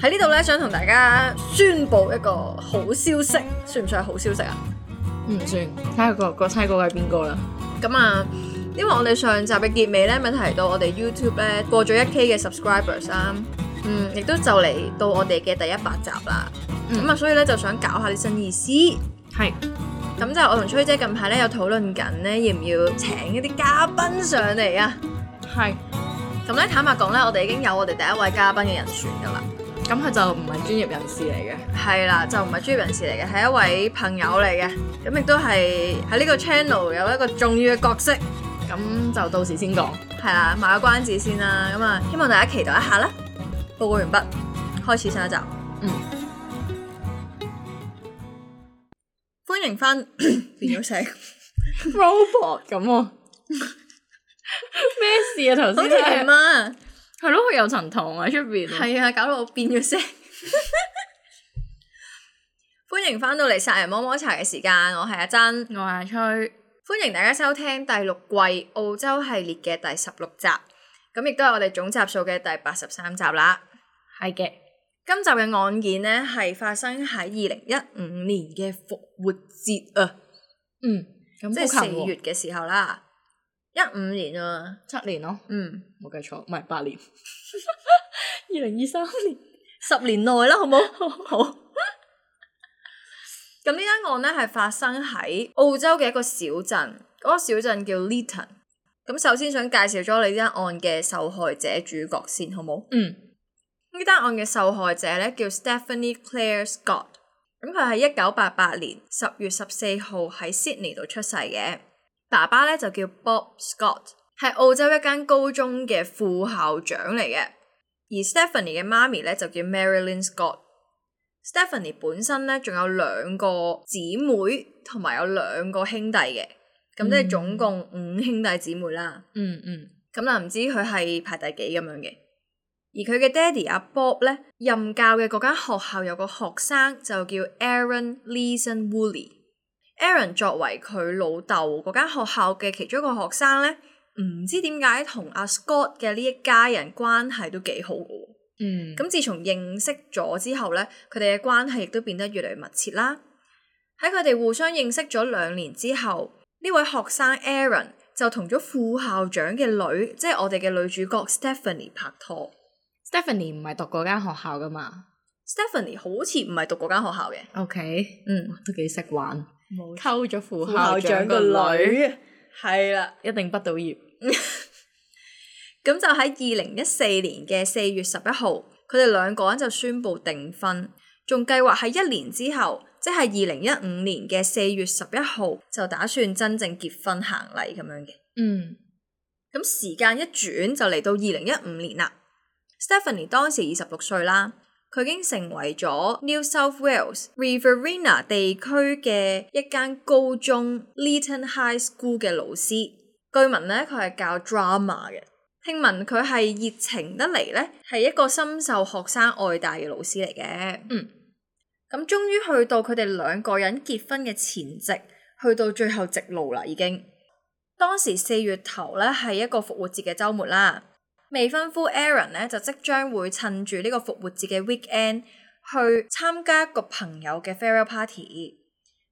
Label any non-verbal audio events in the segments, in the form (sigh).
喺呢度呢，想同大家宣布一個好消息，算唔算係好消息啊？唔、嗯、算，猜、那個個猜過係邊個啦？咁啊，因為我哋上集嘅結尾呢咪提到我哋 YouTube 呢過咗一 K 嘅 subscribers 啦、啊，嗯，亦都就嚟到我哋嘅第一百集啦。咁、嗯、啊，所以呢，就想搞下啲新意思，係是。咁就我同崔姐近排呢有討論緊呢，要唔要請一啲嘉賓上嚟啊？係是。咁呢，坦白講呢，我哋已經有我哋第一位嘉賓嘅人選噶啦。咁佢就唔係專業人士嚟嘅，係啦，就唔係專業人士嚟嘅，係一位朋友嚟嘅，咁亦都係喺呢個 channel 有一個重要嘅角色，咁就到時先講，係啦，買個關子先啦，咁啊，希望大家期待一下啦。報告完畢，開始下一集。嗯，歡迎翻變咗成 robot 咁啊，咩 (laughs) 事啊？頭先好似姨媽。係咯，佢有層糖喺出邊。係啊，搞到我變咗聲。 (laughs) 歡迎翻到嚟《殺人魔魔茶》嘅時間，我係阿珍，我係阿翠。歡迎大家收聽第六季澳洲系列嘅第十六集，咁亦都係我哋總集數嘅第八十三集啦。係嘅的，今集嘅案件咧係發生喺二零一五年嘅復活節啊，呃、嗯，哦、即係四月嘅時候啦。一五年啊，七年咯，嗯，冇計錯，唔係八年，二零二三年，十年內啦，好冇？好。 (laughs) 好，咁 (laughs) 呢單案咧係發生喺澳洲嘅一個小鎮，嗰、嗰個小鎮叫 Leeton。咁首先想介紹咗你呢單案嘅受害者主角先，好冇？嗯，呢單案嘅受害者咧叫 Stephanie Claire Scott，咁佢係一九八八年十月十四號喺 Sydney 度出世嘅。爸爸咧就叫 Bob Scott，係澳洲一間高中嘅副校長嚟嘅。而 Stephanie 嘅媽咪咧就叫 Marilyn Scott。Stephanie 本身咧仲有兩個姊妹，同埋有兩個兄弟嘅，咁即係總共五兄弟姊妹啦。嗯、mm. 嗯。咁、嗯、啦，唔知佢係排第幾咁樣嘅。而佢嘅爹哋阿、啊、Bob 咧，任教嘅嗰間學校有個學生就叫 Aaron Leeson Wooley。Aaron 作為佢老豆嗰間學校嘅其中一個學生咧，唔知點解同阿 Scott 嘅呢一家人關係都幾好嘅。嗯，咁自從認識咗之後咧，佢哋嘅關係亦都變得越嚟越密切啦。喺佢哋互相認識咗兩年之後，呢位學生 Aaron 就同咗副校長嘅女，即係我哋嘅女主角 Stephanie 拍拖。Stephanie 唔係讀嗰間學校噶嘛？Stephanie 好似唔係讀嗰間學校嘅。OK，嗯，都幾識玩。溝咗副校長個女，係啦，了一定畢到業。咁 (laughs) 就喺二零一四年嘅四月十一號，佢哋兩個人就宣布訂婚，仲計劃喺一年之後，即係二零一五年嘅四月十一號就打算真正結婚行禮咁樣嘅。嗯，咁時間一轉就嚟到二零一五年啦。Stephanie 當時二十六歲啦。佢已經成為咗 New South Wales Riverina 地區嘅一間高中 Leeton High School 嘅老師，據聞咧佢係教 drama 嘅，聽聞佢係熱情得嚟咧，係一個深受學生愛戴嘅老師嚟嘅。嗯，咁終於去到佢哋兩個人結婚嘅前夕，去到最後直路啦，已經。當時四月頭咧係一個復活節嘅周末啦。未婚夫 Aaron 咧，就即將會趁住呢個復活節嘅 weekend 去參加一個朋友嘅 farewell party，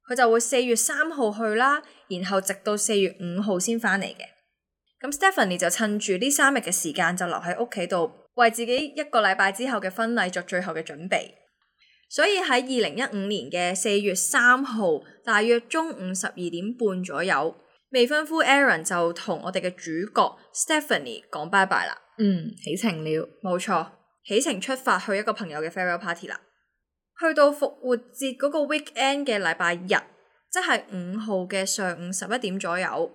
佢就會四月三號去啦，然後直到四月五號先翻嚟嘅。咁 Stephanie 就趁住呢三日嘅時間就留喺屋企度，為自己一個禮拜之後嘅婚禮作最後嘅準備。所以喺二零一五年嘅四月三號大約中午十二點半左右，未婚夫 Aaron 就同我哋嘅主角 Stephanie 講拜拜啦嗯，起程了，冇錯，起程出發去一個朋友嘅 farewell party 啦。去到復活節嗰個 weekend 嘅禮拜日，即係五號嘅上午十一點左右，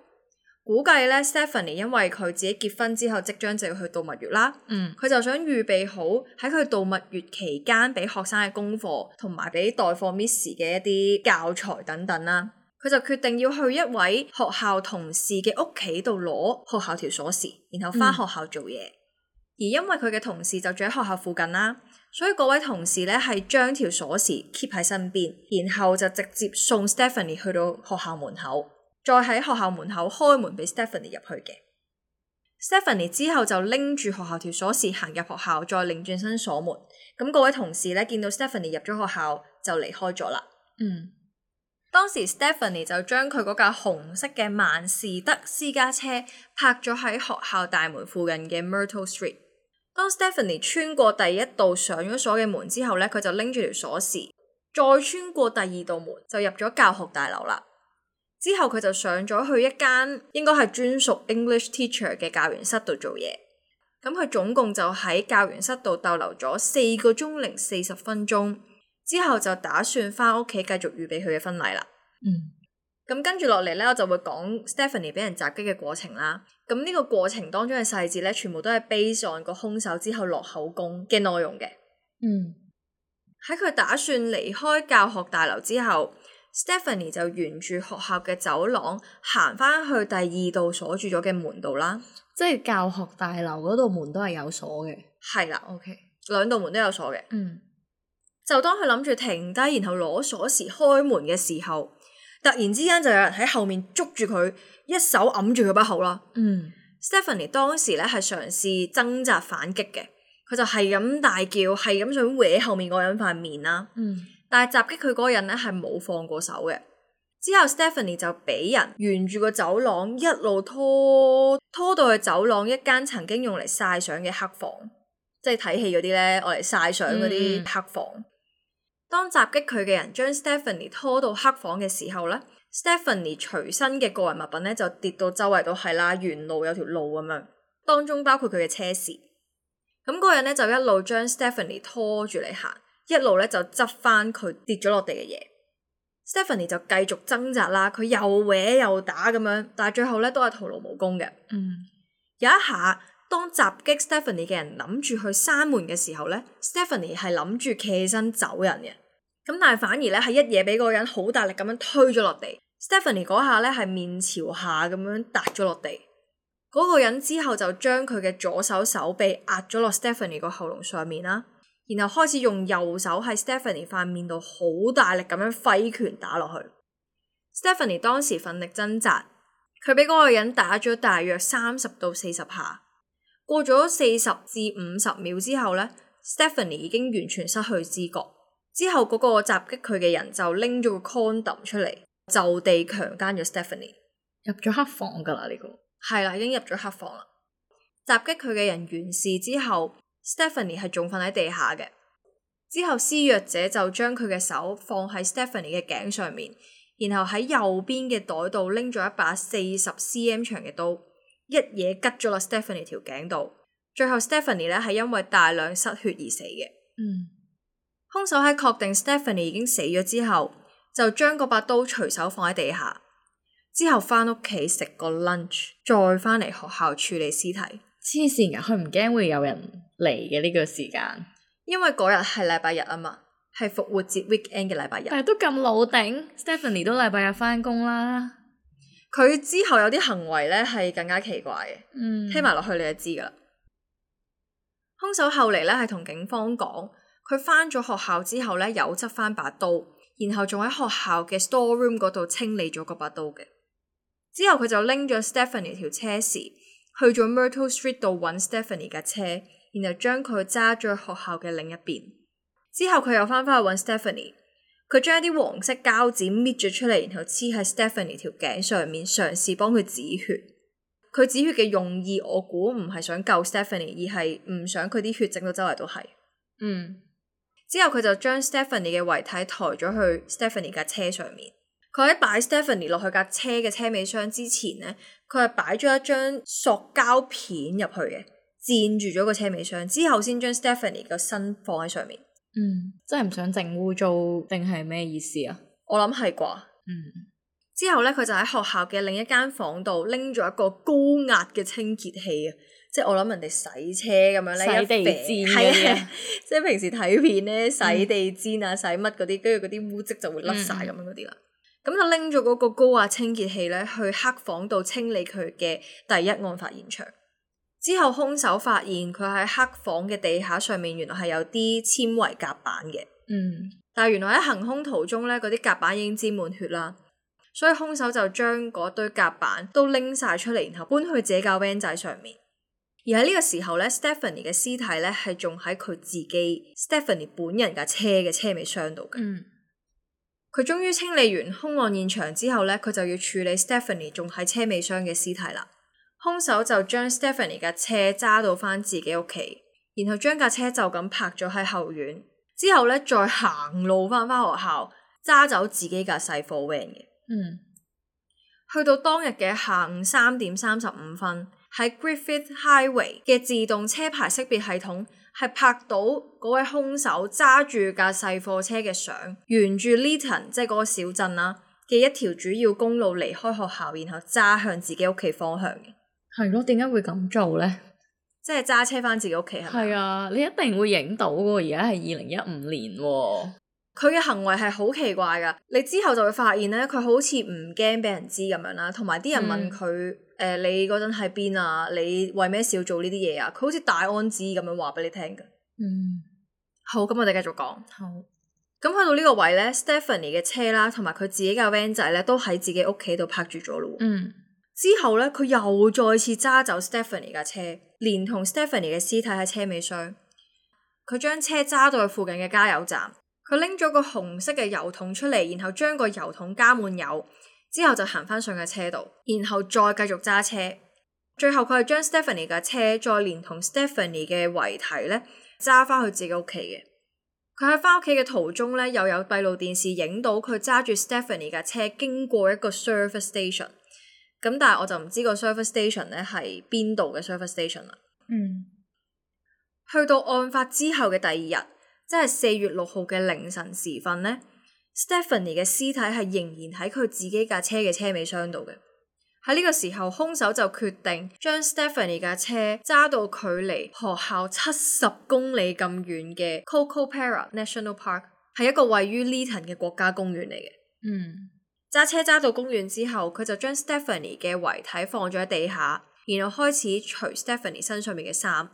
估計咧 (noise) Stephanie 因為佢自己結婚之後即將就要去度蜜月啦，嗯，佢就想預備好喺佢度蜜月期間俾學生嘅功課，同埋俾代課 Miss 嘅一啲教材等等啦。佢就決定要去一位學校同事嘅屋企度攞學校條鎖匙，然後翻學校做嘢。嗯、而因為佢嘅同事就住喺學校附近啦，所以嗰位同事咧係將條鎖匙 keep 喺身邊，然後就直接送 Stephanie 去到學校門口，再喺學校門口開門俾 Stephanie 入去嘅。 (laughs) Stephanie 之後就拎住學校條鎖匙行入學校，再擰轉身鎖門。咁嗰位同事咧見到 Stephanie 入咗學校就離開咗啦。嗯。當時 Stephanie 就將佢嗰架紅色嘅萬士德私家車泊咗喺學校大門附近嘅 Myrtle Street。當 Stephanie 穿過第一道上咗鎖嘅門之後咧，佢就拎住條鎖匙，再穿過第二道門就入咗教學大樓啦。之後佢就上咗去一間應該係專屬 English Teacher 嘅教員室度做嘢。咁佢總共就喺教員室度逗留咗四個鐘零四十分鐘。之後就打算翻屋企繼續預備佢嘅婚禮啦。嗯，咁跟住落嚟咧，我就會講 Stephanie 俾人襲擊嘅過程啦。咁呢個過程當中嘅細節咧，全部都係 Based on 個兇手之後落口供嘅內容嘅。嗯，喺佢打算離開教學大樓之後，嗯，Stephanie 就沿住學校嘅走廊行翻去第二道鎖住咗嘅門度啦。即係教學大樓嗰度門都係有鎖嘅。係啦，OK，兩道門都有鎖嘅。嗯。就當佢諗住停低，然後攞鎖匙開門嘅時候，突然之間就有人喺後面捉住佢，一手揞住佢把口啦。嗯，Stephanie 當時咧係嘗試掙扎反擊嘅，佢就係咁大叫，係咁想搲後面嗰人塊面啦。嗯，但係襲擊佢嗰個人咧係冇放過手嘅。之後 Stephanie 就俾人沿住個走廊一路拖，拖到去走廊一間曾經用嚟曬相嘅黑房，即係睇戲嗰啲咧，我嚟曬相嗰啲黑房。嗯當襲擊佢嘅人將 Stephanie 拖到黑房嘅時候呢，Stephanie 隨身嘅個人物品呢就跌到周圍都係啦，沿路有條路咁樣，當中包括佢嘅車匙。咁嗰人呢就一路將 Stephanie 拖住嚟行，一路咧就執翻佢跌咗落地嘅嘢。 (laughs) Stephanie 就繼續掙扎啦，佢又搲又打咁樣，但係最後咧都係徒勞無功嘅。嗯，有一下。當襲擊 Stephanie 嘅人諗住去閂門嘅時候呢，Stephanie 係諗住企起身走人嘅。咁但係反而呢，係一嘢俾嗰個人好大力咁樣推咗落地。Stephanie 嗰下呢，係面朝下咁樣笪咗落地。嗰、那個人之後就將佢嘅左手手臂壓咗落 Stephanie 個喉嚨上面啦，然後開始用右手喺 Stephanie 塊面度好大力咁樣揮拳打落去。Stephanie 當時奮力掙扎，佢俾嗰個人打咗大約三十到四十下。過咗四十至五十秒之後呢，Stephanie 已經完全失去知覺。之後嗰個襲擊佢嘅人就拎咗個 condom 出嚟，就地強姦咗 Stephanie，入咗黑房噶啦，呢個係啦，已經入咗黑房啦。襲擊佢嘅人完事之後，Stephanie 係仲瞓喺地下嘅。之後施虐者就將佢嘅手放喺 Stephanie 嘅頸上面，然後喺右邊嘅袋度拎咗一把四十 cm 長嘅刀。一嘢拮咗落 Stephanie 條頸度，最後 Stephanie 咧係因為大量失血而死嘅。嗯，凶手喺確定 Stephanie 已經死咗之後，就將嗰把刀隨手放喺地下，之後翻屋企食個 lunch，再翻嚟學校處理屍體。黐線噶，佢唔驚會有人嚟嘅。呢個時間，因為嗰日係禮拜日啊嘛，係復活節 weekend 嘅禮拜日。但係都咁老定 (laughs) ，Stephanie 都禮拜日翻工啦。佢之後有啲行為咧係更加奇怪嘅，嗯、聽埋落去你就知噶啦。兇手後嚟咧係同警方講，佢翻咗學校之後咧又執翻把刀，然後仲喺學校嘅 store room 嗰度清理咗嗰把刀嘅。之後佢就拎咗 Stephanie 條車匙，去咗 Myrtle Street 度揾 Stephanie 架車，然後將佢揸咗學校嘅另一邊。之後佢又翻返去揾 Stephanie。佢將一啲黃色膠紙搣咗出嚟，然後黐喺 Stephanie 條頸上面，嘗試幫佢止血。佢止血嘅用意，我估唔係想救 Stephanie，而係唔想佢啲血整到周圍都係。嗯。之後佢就將 Stephanie 嘅遺體抬咗去 Stephanie 架車上面。佢喺擺 Stephanie 落去架車嘅車尾箱之前咧，佢係擺咗一張塑膠片入去嘅，墊住咗個車尾箱，之後先將 Stephanie 個身放喺上面。嗯，真係唔想淨污糟，定係咩意思啊？我諗係啩，嗯。之後咧，佢就喺學校嘅另一間房度拎咗一個高壓嘅清潔器，即係我諗人哋洗車咁樣咧，洗地氈嘅，即係平時睇片咧，洗地氈啊，嗯、洗乜嗰啲，跟住嗰啲污漬就會甩晒咁樣嗰啲啦。咁就拎咗嗰個高壓清潔器咧，去黑房度清理佢嘅第一案發現場。之後，兇手發現佢喺黑房嘅地下上面，原來係有啲纖維夾板嘅。嗯，但係原來喺行兇途中咧，嗰啲夾板已經沾滿血啦，所以兇手就將嗰堆夾板都拎晒出嚟，然後搬去自己架 van 仔上面。而喺呢個時候咧 (laughs) ，Stephanie 嘅屍體咧係仲喺佢自己 Stephanie 本人架車嘅車尾箱度嘅。嗯，佢終於清理完兇案現場之後咧，佢就要處理 Stephanie 仲喺車尾箱嘅屍體啦。兇手就將 Stephanie 嘅車揸到翻自己屋企，然後將架車就咁泊咗喺後院，之後咧再行路翻翻學校，揸走自己架細貨 van 嘅。嗯，去到當日嘅下午三點三十五分，喺 Griffith Highway 嘅自動車牌識別系統係拍到嗰位兇手揸住架細貨車嘅相，沿住 Leeton，即係嗰個小鎮啦嘅一條主要公路離開學校，然後揸向自己屋企方向嘅。係咯，點解會咁做咧？即係揸車翻自己屋企係係啊，你一定會影到噶。而家係二零一五年，哦，佢嘅行為係好奇怪噶。你之後就會發現咧，佢好似唔驚俾人知咁樣啦。同埋啲人問佢，誒、嗯呃，你嗰陣喺邊啊？你為咩事要做呢啲嘢啊？佢好似大安子咁樣話俾你聽噶。嗯，好，好，咁我哋繼續講。好，咁去到呢個位咧 (laughs) ，Stephanie 嘅車啦，同埋佢自己架 van 仔咧，都喺自己屋企度拍住咗咯。嗯。之後咧，佢又再次揸走 Stephanie 架車，連同 Stephanie 嘅屍體喺車尾箱。佢將車揸到去附近嘅加油站，佢拎咗個紅色嘅油桶出嚟，然後將個油桶加滿油之後，就行翻上架車度，然後再繼續揸車。最後佢係將 Stephanie 架車再連同 Stephanie 嘅遺體咧揸翻去自己屋企嘅。佢喺翻屋企嘅途中咧，又有閉路電視影到佢揸住 Stephanie 架車經過一個 service station。咁但係我就唔知個 service station 咧，係邊度嘅 service station 啦。嗯。去到案發之後嘅第二日，即係四月六號嘅凌晨時分咧 (laughs) ，Stephanie 嘅屍體係仍然喺佢自己架車嘅車尾箱度嘅。喺呢個時候，兇手就決定將 Stephanie 架車揸到距離學校七十公里咁遠嘅 Cocoparra National Park，係一個位於 Leeton 嘅國家公園嚟嘅。嗯。揸車揸到公園之後，佢就將 Stephanie 嘅遺體放咗喺地下，然後開始除 Stephanie 身上面嘅衫。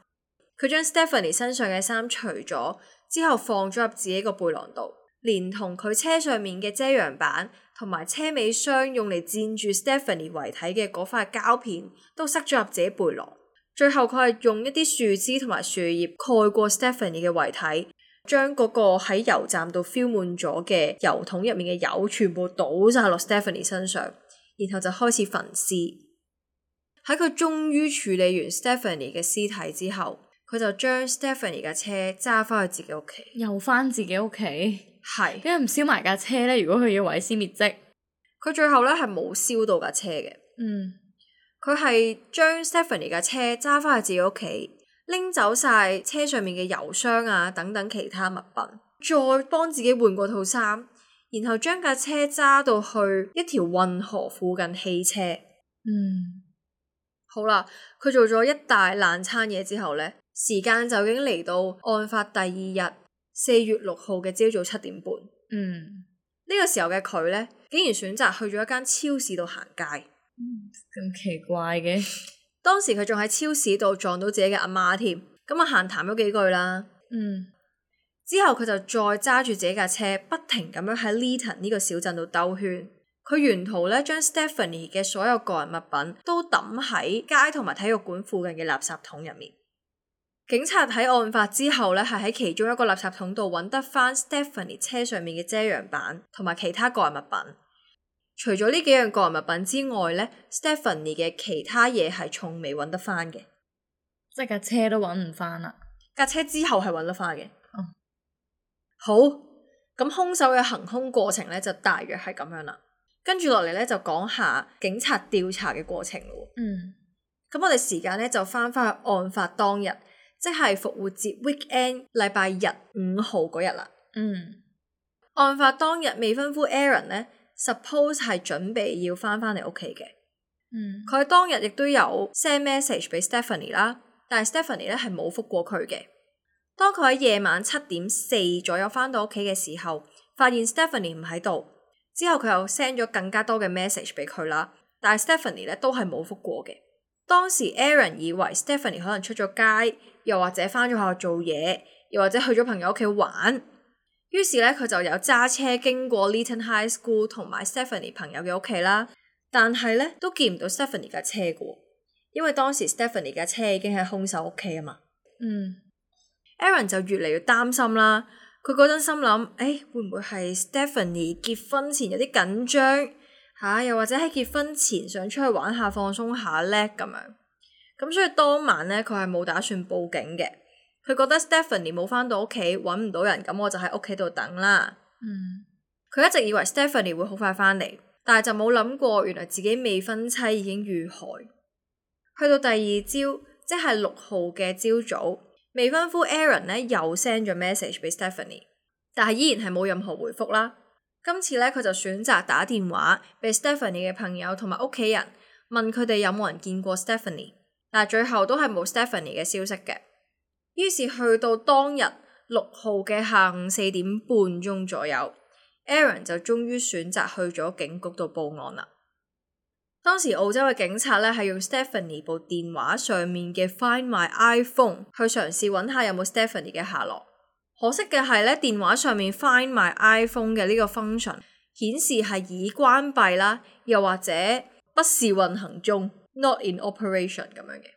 佢將 Stephanie 身上嘅衫除咗之後，放咗入自己個背囊度，連同佢車上面嘅遮陽板同埋車尾箱用嚟墊住 Stephanie 遺體嘅嗰塊膠片，都塞咗入自己背囊。最後佢係用一啲樹枝同埋樹葉蓋過 Stephanie 嘅遺體。將嗰個喺油站度 fill 滿咗嘅油桶入面嘅油全部倒晒落 Stephanie 身上，然後就開始焚屍。喺佢終於處理完 Stephanie 嘅屍體之後，佢就將 Stephanie 嘅車揸翻去自己屋企，又翻自己屋企，係是，因為唔燒埋架車咧。如果佢要毀屍滅跡，佢最後咧係冇燒到架車嘅。嗯，佢係將 Stephanie 嘅車揸翻去自己屋企。拎走晒車上面嘅油箱啊，等等其他物品，再幫自己換過套衫，然後將架車揸到去一條運河附近棄車。嗯，好啦，佢做咗一大爛餐嘢之後呢，時間就已經嚟到案發第二日四月六號嘅朝早七點半。嗯，呢個時候嘅佢呢，竟然選擇去咗一間超市度行街。嗯，咁奇怪嘅。當時佢仲喺超市度撞到自己嘅阿媽添，咁啊閒談咗幾句啦，嗯，之後佢就再揸住自己架車，不停咁樣喺 Leeton 呢個小鎮度兜圈。佢沿途咧將 Stephanie 嘅所有個人物品都抌喺街同埋體育館附近嘅垃圾桶入面。警察喺案發之後咧，係喺其中一個垃圾桶度揾得翻 Stephanie 車上面嘅遮陽板同埋其他個人物品。除咗呢幾樣個人物品之外呢，Stephanie 嘅其他嘢，係從未揾得翻嘅，即係架車都揾唔翻啦。架車之後係揾得翻嘅。哦，好，咁兇手嘅行凶過程呢就大約係咁樣啦。跟住落嚟呢就講下警察調查嘅過程咯。嗯，咁我哋時間呢就翻翻去案發當日，即係復活節 weekend 禮拜日五號嗰日啦。嗯，案發當日未婚夫 Aaron 呢，Suppose 係準備要翻返嚟屋企嘅，佢喺、嗯、當日亦都有 send message 俾 Stephanie 啦，但係 Stephanie 咧係冇覆過佢嘅。當佢喺夜晚七點四左右翻到屋企嘅時候，發現 Stephanie 唔喺度，之後佢又 send 咗更加多嘅 message 俾佢啦，但係 Stephanie 咧都係冇覆過嘅。當時 Aaron 以為 Stephanie 可能出咗街，又或者翻咗學校做嘢，又或者去咗朋友屋企玩。於是咧，佢就有揸車經過 Leighton High School 同埋 Stephanie 朋友嘅屋企啦，但係咧都見唔到 Stephanie 架車喎，因為當時 Stephanie 架車已經喺兇手屋企啊嘛。嗯，Aaron 就越嚟越擔心啦。佢嗰陣心諗，誒、欸，會唔會係 Stephanie 結婚前有啲緊張吓，又或者喺結婚前想出去玩下放鬆下咧咁樣？咁所以當晚咧，佢係冇打算報警嘅。佢覺得 Stephanie 冇返到屋企，揾唔到人，咁我就喺屋企度等啦。佢、嗯、一直以為 Stephanie 會好快返嚟，但係就冇諗過，原來自己未婚妻已經遇害。去到第二朝，即係六號嘅朝早，未婚夫 Aaron 呢又 send 咗 message 俾 Stephanie，但係依然係冇任何回覆啦。今次呢，佢就選擇打電話俾 Stephanie 嘅朋友同埋屋企人，問佢哋有冇人見過 Stephanie，但係最後都係冇 Stephanie 嘅消息嘅。於是去到當日六號嘅下午四點半鐘左右，Aaron 就終於選擇去咗警局度報案啦。當時澳洲嘅警察呢係用 Stephanie 部電話上面嘅 Find My iPhone 去嘗試揾下有冇 Stephanie 嘅下落。可惜嘅係呢，電話上面 Find My iPhone 嘅呢個 function 顯示係已關閉啦，又或者不是運行中 （not in operation） 咁樣嘅。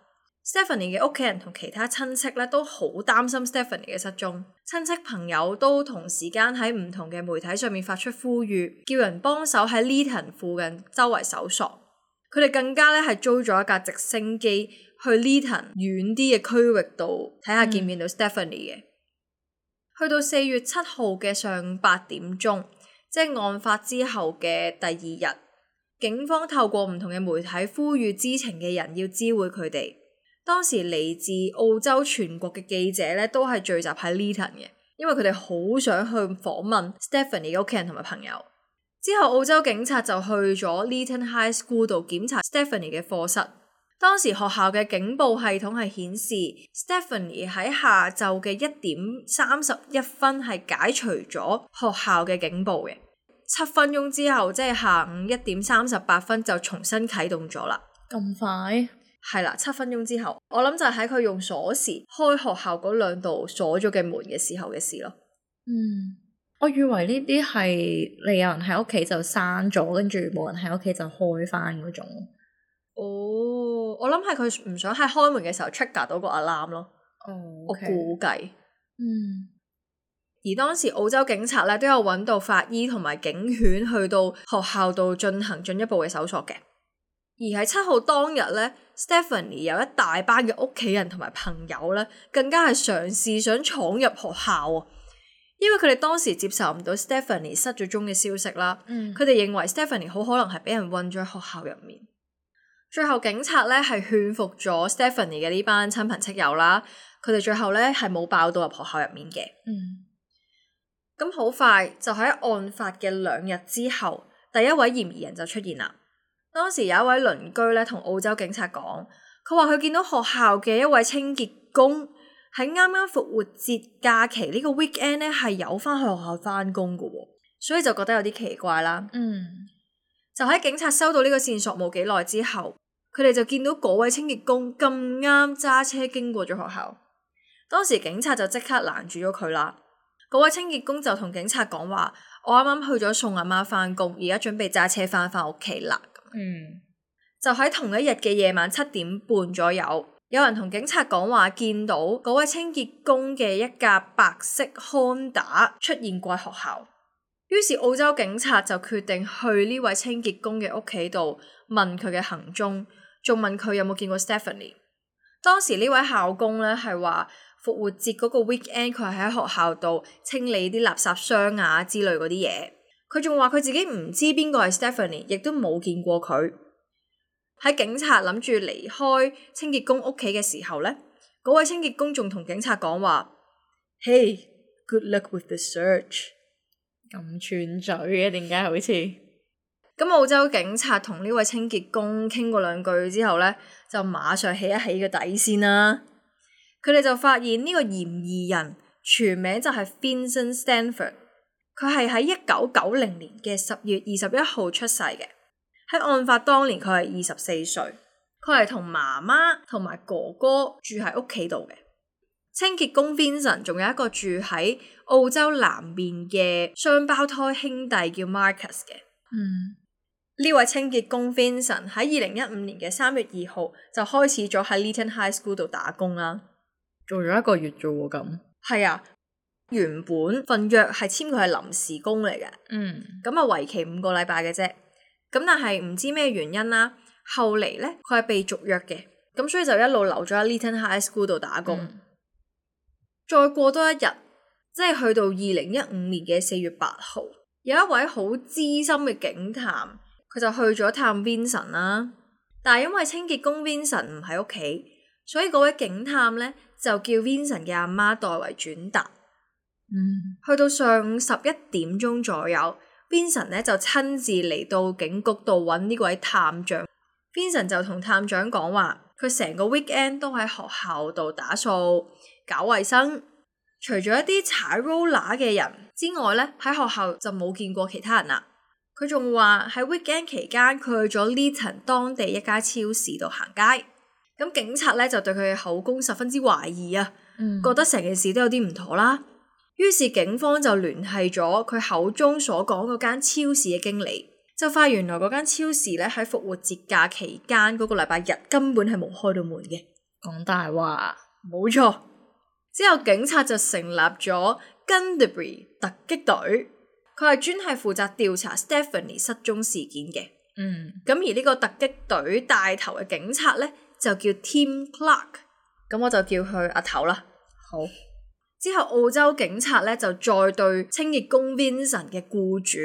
Stephanie 嘅屋企人同其他親戚咧都好擔心 Stephanie 嘅失蹤，親戚朋友都同時間喺唔同嘅媒體上面發出呼籲，叫人幫手喺 Leeton 附近周圍搜索。佢哋更加咧係租咗一架直升機去 Leeton 遠啲嘅區域度睇下見唔見到 Stephanie 嘅。嗯、去到四月七號嘅上午八點鐘，即係案發之後嘅第二日，警方透過唔同嘅媒體呼籲知情嘅人要知會佢哋。當時嚟自澳洲全國嘅記者咧，都係聚集喺 Leeton 嘅，因為佢哋好想去訪問 Stephanie 嘅屋企人同埋朋友。之後澳洲警察就去咗 Leeton High School 度檢查 Stephanie 嘅課室。當時學校嘅警報系統係顯示 Stephanie 喺下晝嘅一點三十一分係解除咗學校嘅警報嘅，七分鐘之後即係下午一點三十八分就重新啟動咗啦。咁快？係啦，七分鐘之後，我諗就係喺佢用鎖匙開學校嗰兩度鎖咗嘅門嘅時候嘅事咯。嗯，我以為呢啲係你有人喺屋企就閂咗，跟住冇人喺屋企就開翻嗰種。哦，oh, 我諗係佢唔想喺開門嘅時候 trigger 到個 alarm 咯。哦，oh, okay. 我估計，嗯。而當時澳洲警察咧都有揾到法醫同埋警犬去到學校度進行進一步嘅搜索嘅，而喺七號當日咧。Stephanie 有一大班嘅屋企人同埋朋友咧，更加係嘗試想闖入學校，因為佢哋當時接受唔到 Stephanie 失咗蹤嘅消息啦。佢哋、嗯、認為 Stephanie 好可能係俾人困在學校入面。最後警察咧係勸服咗 Stephanie 嘅呢班親朋戚友啦，佢哋最後咧係冇爆到入學校入面嘅。嗯，咁好快就喺案發嘅兩日之後，第一位嫌疑人就出現啦。當時有一位鄰居咧同澳洲警察講，佢話佢見到學校嘅一位清潔工喺啱啱復活節假期呢個 weekend 咧係有翻去學校翻工嘅，所以就覺得有啲奇怪啦。嗯，就喺警察收到呢個線索冇幾耐之後，佢哋就見到嗰位清潔工咁啱揸車經過咗學校，當時警察就即刻攔住咗佢啦。嗰位清潔工就同警察講話：我啱啱去咗送阿媽翻工，而家準備揸車翻翻屋企啦。嗯，mm. 就喺同一日嘅夜晚七點半左右，有人同警察講話見到嗰位清潔工嘅一架白色 Honda 出現過學校，於是澳洲警察就決定去呢位清潔工嘅屋企度問佢嘅行蹤，仲問佢有冇見過 Stephanie。當時呢位校工咧，係話復活節嗰個 weekend 佢係喺學校度清理啲垃圾箱啊之類嗰啲嘢。佢仲話：佢自己唔知邊個係 Stephanie，亦都冇見過佢。喺警察諗住離開清潔工屋企嘅時候咧，嗰位清潔工仲同警察講話：Hey，good luck with the search 麼麼、啊。咁串嘴嘅點解？好似咁澳洲警察同呢位清潔工傾過兩句之後咧，就馬上起一起個底線啦、啊。佢哋就發現呢個嫌疑人全名就係 Vincent Stanford。佢係喺一九九零年嘅十月二十一號出世嘅，喺案發當年佢係二十四歲，佢係同媽媽同埋哥哥住喺屋企度嘅。清潔工 Vincent 仲有一個住喺澳洲南面嘅雙胞胎兄弟叫 Marcus 嘅。嗯，呢位清潔工 Vincent 喺二零一五年嘅三月二號就開始咗喺 Leeton High School 度打工啦，做咗一個月啫喎咁。係啊。原本份約係簽佢係臨時工嚟嘅，咁啊、嗯，為期五個禮拜嘅啫。咁但係唔知咩原因啦，後嚟咧佢係被續約嘅，咁所以就一路留咗喺 Leeton High School 度打工。嗯、再過多一日，即係去到二零一五年嘅四月八號，有一位好資深嘅警探，佢就去咗探 Vincent 啦。但係因為清潔工 Vincent 唔喺屋企，所以嗰位警探咧就叫 Vincent 嘅阿媽代為轉達。嗯、去到上午十一點鐘左右，Vincent 咧就親自嚟到警局度揾呢位探長。Vincent 就同探長講話，佢成個 weekend 都喺學校度打掃搞衛生，除咗一啲踩 roller 嘅人之外咧，喺學校就冇見過其他人啦。佢仲話喺 weekend 期間佢去咗 Lytton 當地一家超市度行街。咁警察咧就對佢嘅口供十分之懷疑啊，嗯、覺得成件事都有啲唔妥啦。於是警方就聯繫咗佢口中所講嗰間超市嘅經理，就發現原來嗰間超市咧喺復活節假期間嗰個禮拜日根本係冇開到門嘅。講大話，冇錯。之後警察就成立咗 Gundabry 突擊隊，佢係專係負責調查 Stephanie 失蹤事件嘅。嗯，咁而呢個突擊隊帶頭嘅警察咧就叫 Tim Clark，咁我就叫佢阿頭啦。好。之後澳洲警察咧就再對清潔工 Vincent 嘅雇主，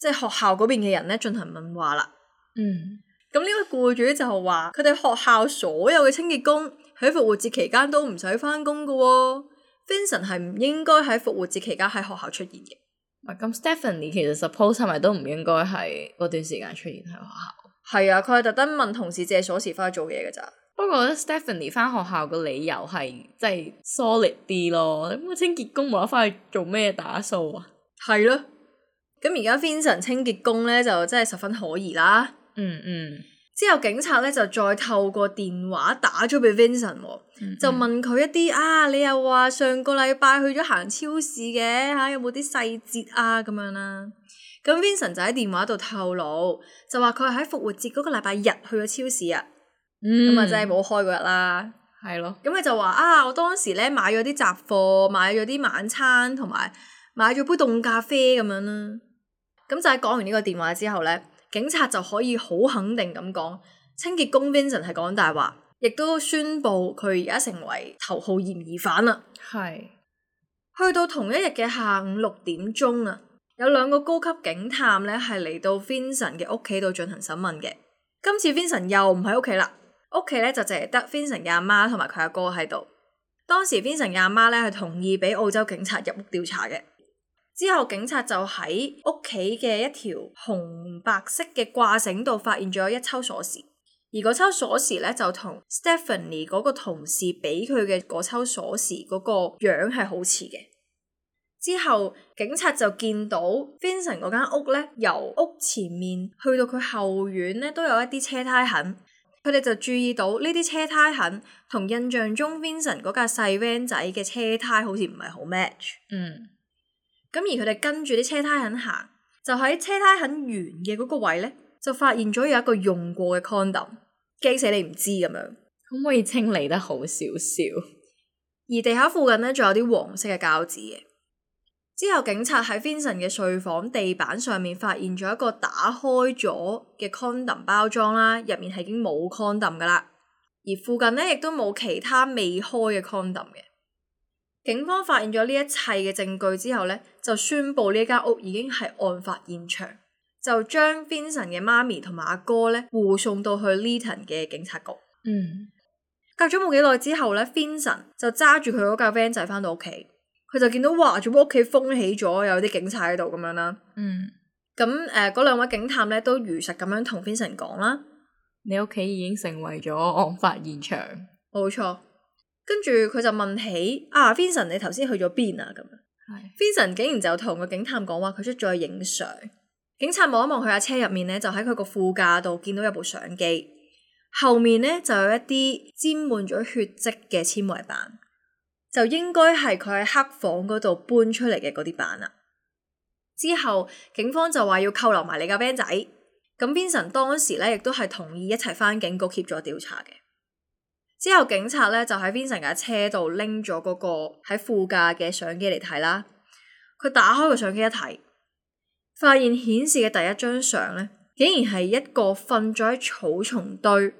即係學校嗰邊嘅人咧進行問話啦。嗯，咁呢位雇主就話佢哋學校所有嘅清潔工喺復活節期間都唔使翻工㗎，Vincent 係唔應該喺復活節期間喺學校出現嘅。咁 Stephanie 其實 suppose 係咪都唔應該係嗰段時間出現喺學校？係啊，佢係特登問同事借鎖匙翻去做嘢㗎咋。不過，我覺得 Stephanie 翻學校嘅理由係即係、就是、solid 啲咯。咁個清潔工冇得翻去做咩打掃啊？係咯。咁而家 Vincent 清潔工咧就真係十分可疑啦。嗯嗯。之後警察咧就再透過電話打咗畀 Vincent，、嗯嗯、就問佢一啲啊，你又話上個禮拜去咗行超市嘅吓、啊，有冇啲細節啊咁樣啦、啊。咁 Vincent 就喺電話度透露，就話佢係喺復活節嗰個禮拜日去咗超市啊。咁啊，嗯、真係冇開過日啦，係咯的。咁佢就話啊，我當時咧買咗啲雜貨，買咗啲晚餐，同埋買咗杯凍咖啡咁樣啦。咁就喺講完呢個電話之後呢，警察就可以好肯定咁講，清潔工 Vincent 係講大話，亦都宣布佢而家成為頭號嫌疑犯啦。係的。去到同一日嘅下午六點鐘啊，有兩個高級警探呢係嚟到 Vincent 嘅屋企度進行審問嘅。今次 Vincent 又唔喺屋企啦。屋企咧就淨係得 Vincent 嘅阿媽同埋佢阿哥喺度。當時 Vincent 嘅阿媽咧係同意俾澳洲警察入屋調查嘅。之後警察就喺屋企嘅一條紅白色嘅掛繩度發現咗一抽鎖匙，而嗰抽鎖匙咧就同 Stephanie 嗰個同事俾佢嘅嗰抽鎖匙嗰個樣係好似嘅。之後警察就見到 Vincent 嗰間屋咧，由屋前面去到佢後院咧都有一啲車胎痕。佢哋就注意到呢啲車胎痕，同印象中 Vincent 嗰架細 van 仔嘅車胎好似唔係好 match。嗯，咁而佢哋跟住啲車胎痕行，就喺車胎痕圓嘅嗰個位咧，就發現咗有一個用過嘅 condom。驚死你唔知咁樣，可唔可以清理得好少少？而地下附近咧，仲有啲黃色嘅膠紙嘅。之後警察喺 Vincent 嘅睡房地板上面發現咗一個打開咗嘅 condom 包裝啦，入面係已經冇 condom 噶啦，而附近呢亦都冇其他未開嘅 condom 嘅。警方發現咗呢一切嘅證據之後呢，就宣布呢間屋已經係案發現場，就將 Vincent 嘅媽咪同埋阿哥呢護送到去 Leeton 嘅警察局。嗯，隔咗冇幾耐之後呢，Vincent 就揸住佢嗰架 van 仔翻到屋企。佢就見到哇，仲要屋企封起咗，有啲警察喺度咁樣啦。嗯，咁誒，嗰、呃、兩位警探咧都如實咁樣同 Vincent 講啦。你屋企已經成為咗案發現場，冇錯。跟住佢就問起啊，Vincent，你頭先去咗邊啊？咁樣係。Vincent 竟然就同個警探講話，佢出咗去影相。警察望一望佢架車入面咧，就喺佢個副駕度見到有部相機，後面咧就有一啲沾滿咗血迹嘅纖維板。就應該係佢喺黑房嗰度搬出嚟嘅嗰啲版啦。之後警方就話要扣留埋你架 band 仔，咁 Vincent 當時咧亦都係同意一齊翻警局協助調查嘅。之後警察咧就喺 Vincent 架車度拎咗嗰個喺副駕嘅相機嚟睇啦。佢打開個相機一睇，發現顯示嘅第一張相咧，竟然係一個瞓咗喺草叢堆、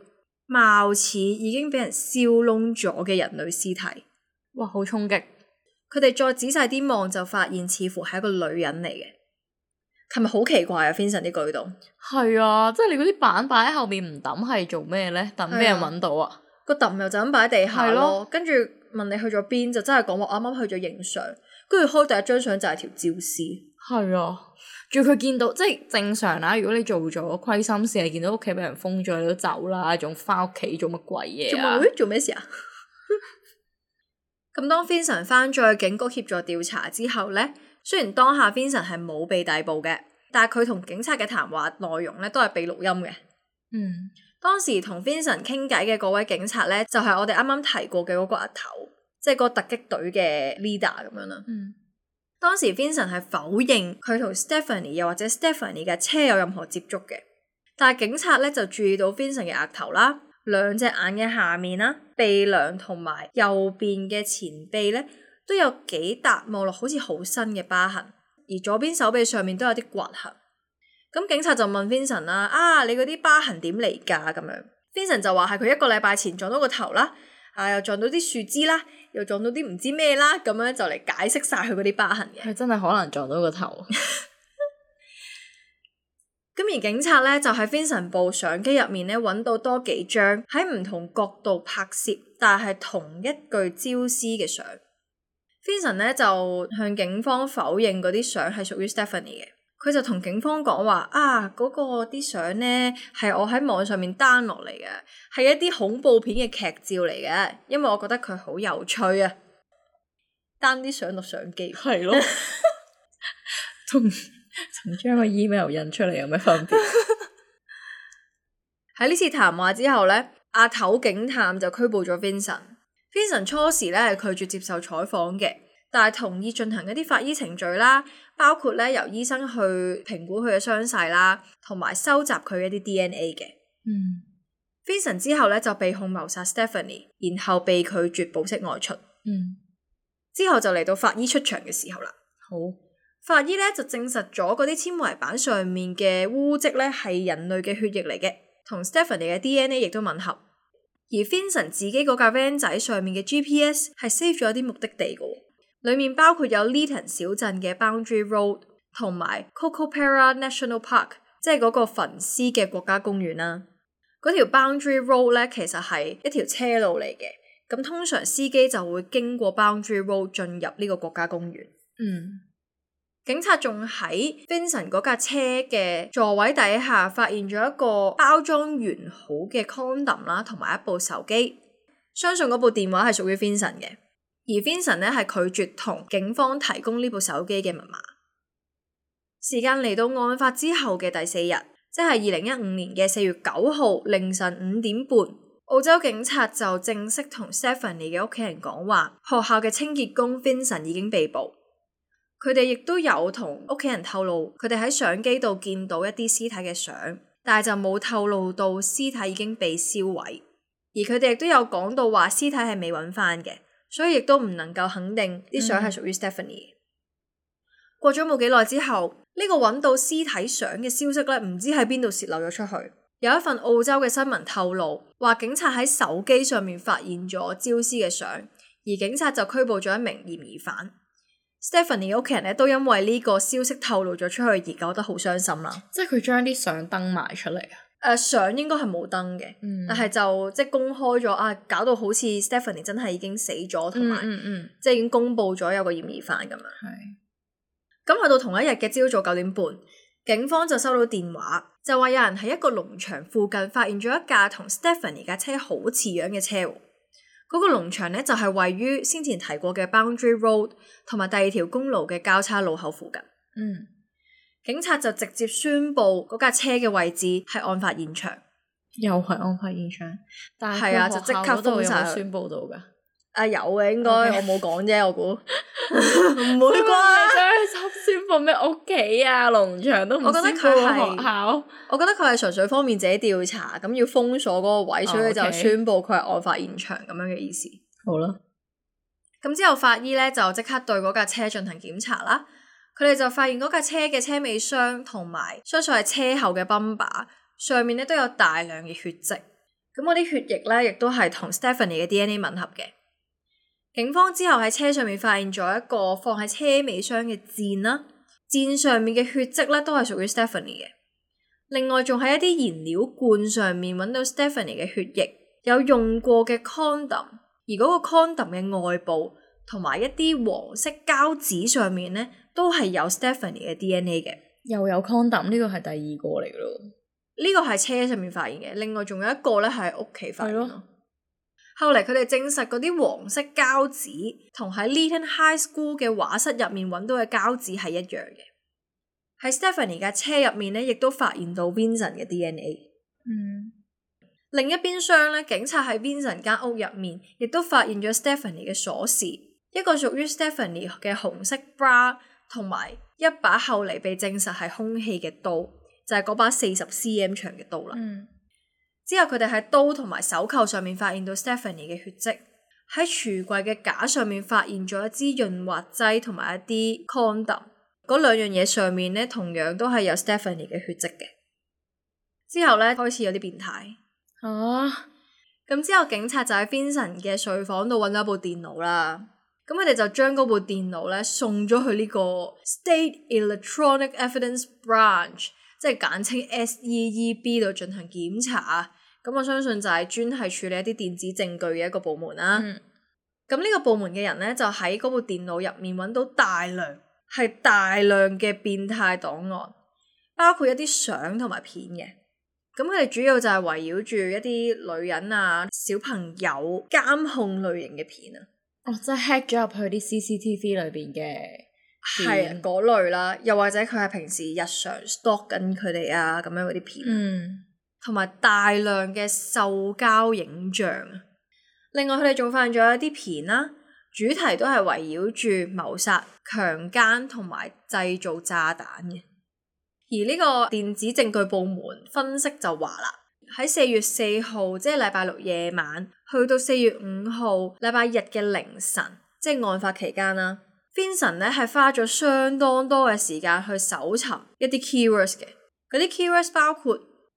貌似已經俾人燒窿咗嘅人類屍體。哇，好衝擊！佢哋再仔細啲望就發現，似乎係一個女人嚟嘅。係咪好奇怪啊？Vincent 啲舉動係啊，即係你嗰啲板擺喺後面唔揼係做咩咧？揼畀人揾到啊？個揼又就咁擺喺地下咯。跟住、啊、問你去咗邊，就真係講我啱啱去咗影相。跟住開第一張相就係條照屍。係啊，仲要佢見到即係正常啦、啊。如果你做咗虧心事，你見到屋企畀人封咗，你都走啦，仲翻屋企做乜鬼嘢啊？做咩事啊？ (laughs) 咁當 Vincent 翻咗去警局協助調查之後咧，雖然當下 Vincent 係冇被逮捕嘅，但係佢同警察嘅談話內容咧都係被錄音嘅。嗯，當時同 Vincent 傾偈嘅嗰位警察咧，就係我哋啱啱提過嘅嗰個額頭，即係個突擊隊嘅 leader 咁樣啦。嗯，當時 Vincent 係否認佢同 Stephanie 又或者 Stephanie 嘅車有任何接觸嘅，但係警察咧就注意到 Vincent 嘅額頭啦。兩隻眼嘅下面啦，鼻梁同埋右邊嘅前臂咧，都有幾笪望落好似好新嘅疤痕，而左邊手臂上面都有啲刮痕。咁警察就問 Vincent 啦：啊，你嗰啲疤痕點嚟㗎？咁樣 Vincent 就話係佢一個禮拜前撞到個頭啦，啊又撞到啲樹枝啦，又撞到啲唔知咩啦，咁樣就嚟解釋晒佢嗰啲疤痕嘅。佢真係可能撞到個頭。 (laughs) 咁而警察咧就喺 Vincent 部相機入面咧揾到多幾張喺唔同角度拍攝但係同一具焦屍嘅相。Vincent 咧就向警方否認嗰啲相係屬於 Stephanie 嘅。佢就同警方講話：啊，嗰、個啲相咧係我喺網上面 down 落嚟嘅，係一啲恐怖片嘅劇照嚟嘅，因為我覺得佢好有趣啊。down 啲相落相機，係咯，同。曾將個 email 印出嚟有咩分別？喺呢 (laughs) (laughs) 次談話之後咧，阿頭警探就拘捕咗 Vincent。Vincent 初時咧係拒絕接受採訪嘅，但係同意進行一啲法醫程序啦，包括咧由醫生去評估佢嘅傷勢啦，同埋收集佢一啲 DNA 嘅。嗯。Vincent 之後咧就被控謀殺 Stephanie，然後被拒絕保釋外出。嗯。之後就嚟到法醫出場嘅時候啦。好。法醫咧就證實咗嗰啲纖維板上面嘅污漬咧係人類嘅血液嚟嘅，同 Stephanie 嘅 DNA 亦都吻合。而 Vincent 自己嗰架 van 仔上面嘅 GPS 係 save 咗啲目的地噶裏面包括有 Leeton 小鎮嘅 Boundary Road 同埋 Cocoparra National Park，即係嗰個焚屍嘅國家公園啦，啊。嗰條 Boundary Road 咧其實係一條車路嚟嘅，咁通常司機就會經過 Boundary Road 進入呢個國家公園。嗯。警察仲喺 Vincent 嗰架車嘅座位底下發現咗一個包裝完好嘅 condom 啦，同埋一部手機。相信嗰部電話係屬於 Vincent 嘅，而 Vincent 呢係拒絕同警方提供呢部手機嘅密碼。時間嚟到案發之後嘅第四日，即係二零一五年嘅四月九號凌晨五點半，澳洲警察就正式同 Stephanie 嘅屋企人講話，學校嘅清潔工 Vincent 已經被捕。佢哋亦都有同屋企人透露，佢哋喺相機度見到一啲屍體嘅相，但係就冇透露到屍體已經被燒毀，而佢哋亦都有講到話屍體係未揾翻嘅，所以亦都唔能夠肯定啲相係屬於 Stephanie。嗯、過咗冇幾耐之後，呢、呢個揾到屍體相嘅消息呢，唔知喺邊度泄漏咗出去。有一份澳洲嘅新聞透露，話警察喺手機上面發現咗焦屍嘅相，而警察就拘捕咗一名嫌疑犯。Stephanie 屋企人咧，都因為呢個消息透露咗出去而搞得好傷心啦。即係佢將啲相登埋出嚟啊！誒，相應該係冇登嘅，但係就即係公開咗啊，搞到好似 Stephanie 真係已經死咗，同埋、嗯嗯、即係已經公布咗有個嫌疑犯噶嘛。係是。咁去到同一日嘅朝早九點半，警方就收到電話，就話有人喺一個農場附近發現咗一架同 Stephanie 架車好似樣嘅車。嗰個農場咧就係、是、位於先前提過嘅 Boundary Road 同埋第二條公路嘅交叉路口附近。嗯，警察就直接宣布嗰架車嘅位置係案發現場，又係案發現場，但係啊，就即刻都就宣布到噶。啊有嘅，應該 Okay. 我冇講啫，我估唔會講。先放咩屋企啊，農場都唔我覺得佢係學校。我覺得佢係 (laughs) 純粹方便自己調查，咁要封鎖嗰個位，所以就宣佈佢係案發現場咁樣嘅意思。好啦吧，咁之後法醫咧就即刻對嗰架車進行檢查啦。佢哋就發現嗰架車嘅車尾箱同埋，相信係車後嘅 bumper 上面咧都有大量嘅血跡。咁嗰啲血液咧，亦都係同 Stephanie 嘅 DNA 吻合嘅。 (noise) 警方之後喺車上面發現咗一個放喺車尾箱嘅箭啦，箭上面嘅血跡咧都係屬於 Stephanie 嘅。另外仲喺一啲燃料罐上面揾到 Stephanie 嘅血液，有用過嘅 condom，而嗰個 condom 嘅外部同埋一啲黃色膠紙上面咧都係有 Stephanie 嘅 DNA 嘅。又有 condom，呢個係第二個嚟嘅咯。呢個係車上面發現嘅，另外仲有一個咧喺屋企發現嘅。後嚟佢哋證實嗰啲黃色膠紙同喺 Leeton High School 嘅畫室入面揾到嘅膠紙係一樣嘅，喺 Stephanie 架車入面咧，亦都發現到 Vincent 嘅 DNA。嗯，另一邊廂咧，警察喺 Vincent 間屋入面亦都發現咗 Stephanie 嘅鎖匙，一個屬於 Stephanie 嘅紅色 bra，同埋一把後嚟被證實係兇器嘅刀，就係、是、嗰把四十 cm 長嘅刀啦。嗯之後佢哋喺刀同埋手扣上面發現到 Stephanie 嘅血跡，喺櫥櫃嘅架上面發現咗一支潤滑劑同埋一啲 condom，嗰兩樣嘢上面咧同樣都係有 Stephanie 嘅血跡嘅。之後咧開始有啲變態嚇，咁、啊、之後警察就喺 Vincent 嘅睡房度揾到一部電腦啦，咁佢哋就將嗰部電腦咧送咗去呢個 State Electronic Evidence Branch，即係簡稱 SEEB 度進行檢查。咁我相信就係專係處理一啲電子證據嘅一個部門啦、啊。咁呢、嗯、個部門嘅人咧，就喺嗰部電腦入面揾到大量係大量嘅變態檔案，包括一啲相同埋片嘅。咁佢哋主要就係圍繞住一啲女人啊、小朋友監控類型嘅片啊。哦，即係 hack 咗入去啲 CCTV 裏邊嘅，係嗰類啦。又或者佢係平時日常 stalk 緊佢哋啊，咁樣嗰啲片。嗯。同埋大量嘅獸交影像，另外佢哋仲發現咗一啲片啦，主題都係圍繞住謀殺、強姦同埋製造炸彈嘅。而呢個電子證據部門分析就話啦，喺四月四號，即係禮拜六夜晚，去到四月五號禮拜日嘅凌晨，即係案發期間啦。Vincent 咧係花咗相當多嘅時間去搜尋一啲 keywords 嘅，嗰啲 keywords 包括。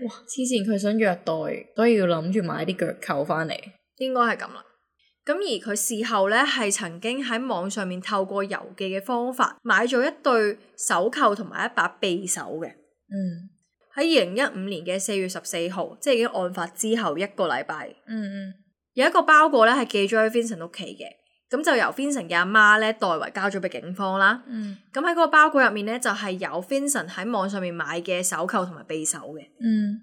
哇！之前佢想虐待，都要諗住買啲腳扣翻嚟，應該係咁啦。咁而佢事後咧，係曾經喺網上面透過郵寄嘅方法買咗一對手扣同埋一把匕首嘅。嗯，喺二零一五年嘅四月十四號，即係已經案發之後一個禮拜。嗯嗯，有一個包裹咧，係寄咗喺 Vincent 屋企嘅。咁就由 Vincent 嘅阿媽咧代為交咗俾警方啦。咁喺嗰個包裹入面咧，就係、是、有 Vincent 喺網上面買嘅手銬同埋匕首嘅。嗯、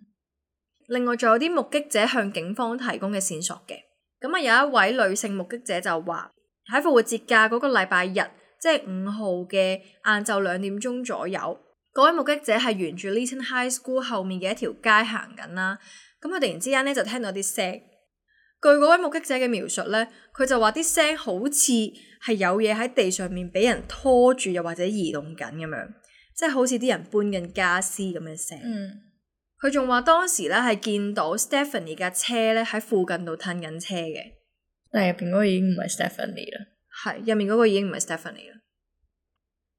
另外仲有啲目擊者向警方提供嘅線索嘅。咁啊，有一位女性目擊者就話喺復活節假嗰個禮拜日，即係五號嘅晏晝兩點鐘左右，嗰、那、位、個、目擊者係沿住 Leeton High School 後面嘅一條街行緊啦。咁佢突然之間咧就聽到啲聲。據嗰位目擊者嘅描述咧，佢就話啲聲好似係有嘢喺地上面俾人拖住，又或者移動緊咁樣，即係好似啲人搬緊家私咁嘅聲。嗯。佢仲話當時咧係見到 Stephanie 架車咧喺附近度褪緊車嘅，但係入邊嗰個已經唔係 Stephanie 啦。係入面嗰個已經唔係 Stephanie 啦。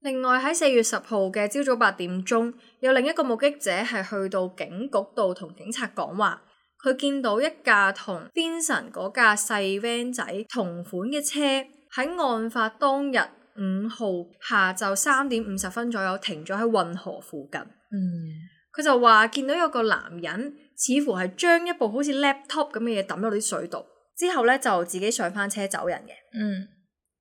另外喺四月十號嘅朝早八點鐘，有另一個目擊者係去到警局度同警察講話。佢見到一架同 Vincent 嗰架細 van 仔同款嘅車喺案發當日五號下晝三點五十分左右停咗喺運河附近。嗯，佢就話見到有個男人似乎係將一部好似 laptop 咁嘅嘢抌落啲水度，之後咧就自己上翻車走人嘅。嗯，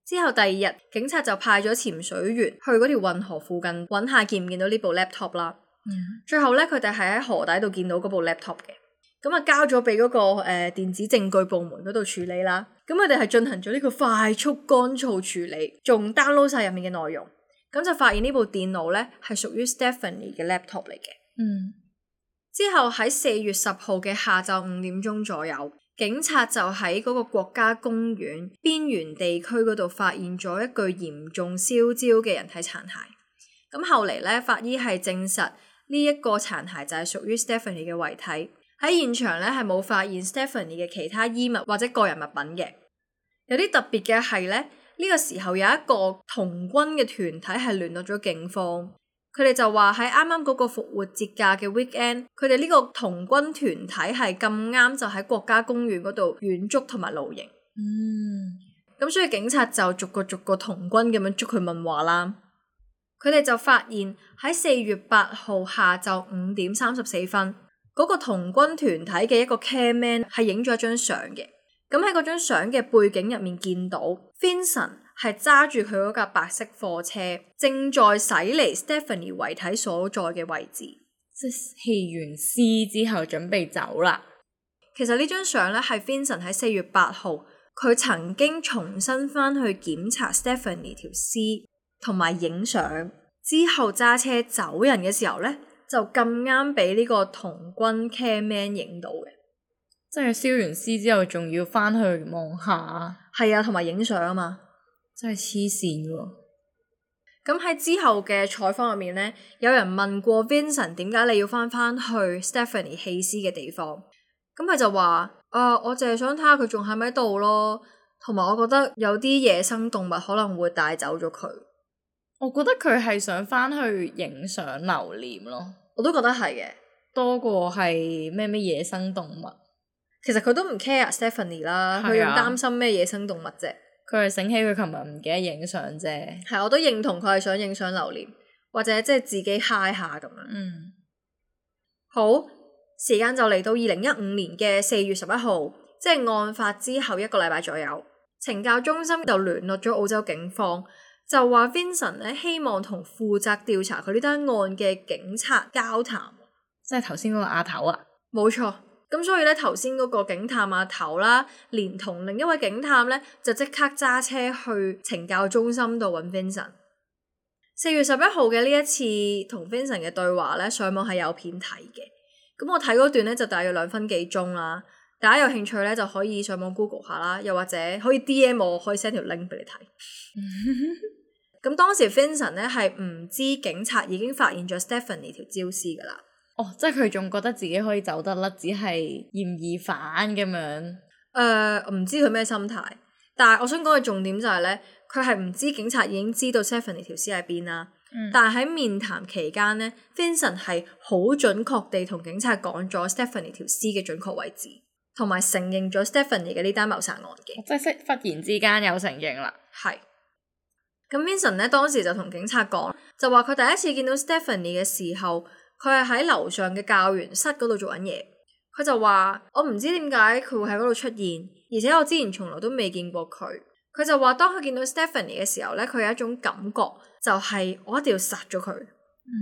之後第二日警察就派咗潛水員去嗰條運河附近揾下見唔見到呢部 laptop 啦。嗯，最後咧佢哋係喺河底度見到嗰部 laptop 嘅。咁啊，交咗俾嗰個誒、呃、電子證據部門嗰度處理啦。咁佢哋係進行咗呢個快速乾燥處理，仲 download 晒入面嘅內容。咁就發現呢部電腦咧係屬於 Stephanie 嘅 laptop 嚟嘅。嗯。之後喺四月十號嘅下晝五點鐘左右，警察就喺嗰個國家公園邊緣地區嗰度發現咗一具嚴重燒焦嘅人體殘骸。咁後嚟咧，法醫係證實呢一個殘骸就係屬於 Stephanie 嘅遺體。喺現場咧，係冇發現 Stephanie 嘅其他衣物或者個人物品嘅。有啲特別嘅係咧，呢、這個時候有一個童軍嘅團體係聯絡咗警方，佢哋就話喺啱啱嗰個復活節假嘅 weekend，佢哋呢個童軍團體係咁啱就喺國家公園嗰度遠足同埋露營。嗯，咁所以警察就逐個逐個童軍咁樣捉佢問話啦。佢哋就發現喺四月八號下晝五點三十四分，嗰個童軍團體嘅一個 cameraman 係影咗一張相嘅，咁喺嗰張相嘅背景入面見到 Vincent 係揸住佢嗰架白色貨車，正在駛離 Stephanie 遺體所在嘅位置，即係棄完屍之後準備走啦。其實呢張相咧係 Vincent 喺四月八號，佢曾經重新翻去檢查 Stephanie 條屍，同埋影相之後揸車走人嘅時候咧。就咁啱俾呢個童軍 cameraman 影到嘅，即係燒完屍之後看看，仲要翻去望下，係啊，同埋影相啊嘛，真係黐線喎。咁喺之後嘅採訪入面呢，有人問過 Vincent 點解你要翻翻去 Stephanie 棄屍嘅地方？咁佢就話：啊、呃，我淨係想睇下佢仲喺咪度咯，同埋我覺得有啲野生動物可能會帶走咗佢。我覺得佢係想翻去影相留念咯。我都覺得係嘅，多過係咩咩野生動物。其實佢都唔 care Stephanie 啦，係，佢擔心咩野生動物啫？佢係醒起佢琴日唔記得影相啫。係，我都認同佢係想影相留念，或者即係自己嗨下咁樣。嗯，好，時間就嚟到二零一五年嘅四月十一號，即係案發之後一個禮拜左右，懲教中心就聯絡咗澳洲警方。就話 Vincent 咧，希望同負責調查佢呢單案嘅警察交談，即係頭先嗰個阿頭啊，冇錯。咁所以咧，頭先嗰個警探阿頭啦、啊，連同另一位警探咧，就即刻揸車去懲教中心度揾 Vincent。四月十一號嘅呢一次同 Vincent 嘅對話咧，上網係有片睇嘅。咁我睇嗰段咧就大約兩分幾鐘啦。大家有興趣咧，就可以上網 Google 下啦，又或者可以 DM 我，可以 send 條 link 俾你睇。 (laughs) 咁當時 Vincent 咧係唔知警察已經發現咗 Stephanie 條焦屍噶啦。哦，即係佢仲覺得自己可以走得甩，只係嫌疑犯咁樣。誒、呃，唔知佢咩心態。但係我想講嘅重點就係、是、咧，佢係唔知警察已經知道 Stephanie 條屍喺邊啦。嗯、但係喺面談期間咧，Vincent 係好準確地同警察講咗 Stephanie 條屍嘅準確位置，同埋承認咗 Stephanie 嘅呢單謀殺案嘅。即係忽然之間有承認啦。係。咁 Vincent 咧當時就同警察講，就話佢第一次見到 Stephanie 嘅時候，佢係喺樓上嘅教員室嗰度做緊嘢。佢就話，我唔知點解佢會喺嗰度出現，而且我之前從來都未見過佢。佢就話，當佢見到 Stephanie 嘅時候咧，佢有一種感覺，就係我一定要殺咗佢。嗯，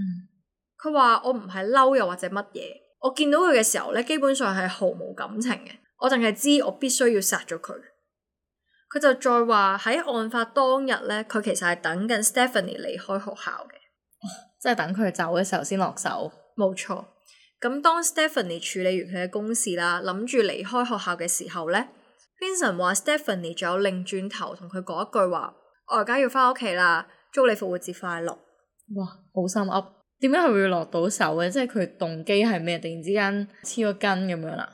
佢話我唔係嬲又或者乜嘢，我見到佢嘅時候咧，基本上係毫無感情嘅，我淨係知我必須要殺咗佢。佢就再話喺案發當日咧，佢其實係等緊 Stephanie 離開學校嘅，即係、哦、等佢走嘅時候先落手。冇錯，咁當 Stephanie 處理完佢嘅公事啦，諗住離開學校嘅時候咧，Vincent 話 Stephanie 仲有擰轉，轉頭同佢講一句話：我而家要翻屋企啦，祝你復活節快樂。哇，好心噏，點解佢會落到手嘅？即係佢動機係咩？突然之間黐咗筋咁樣啦。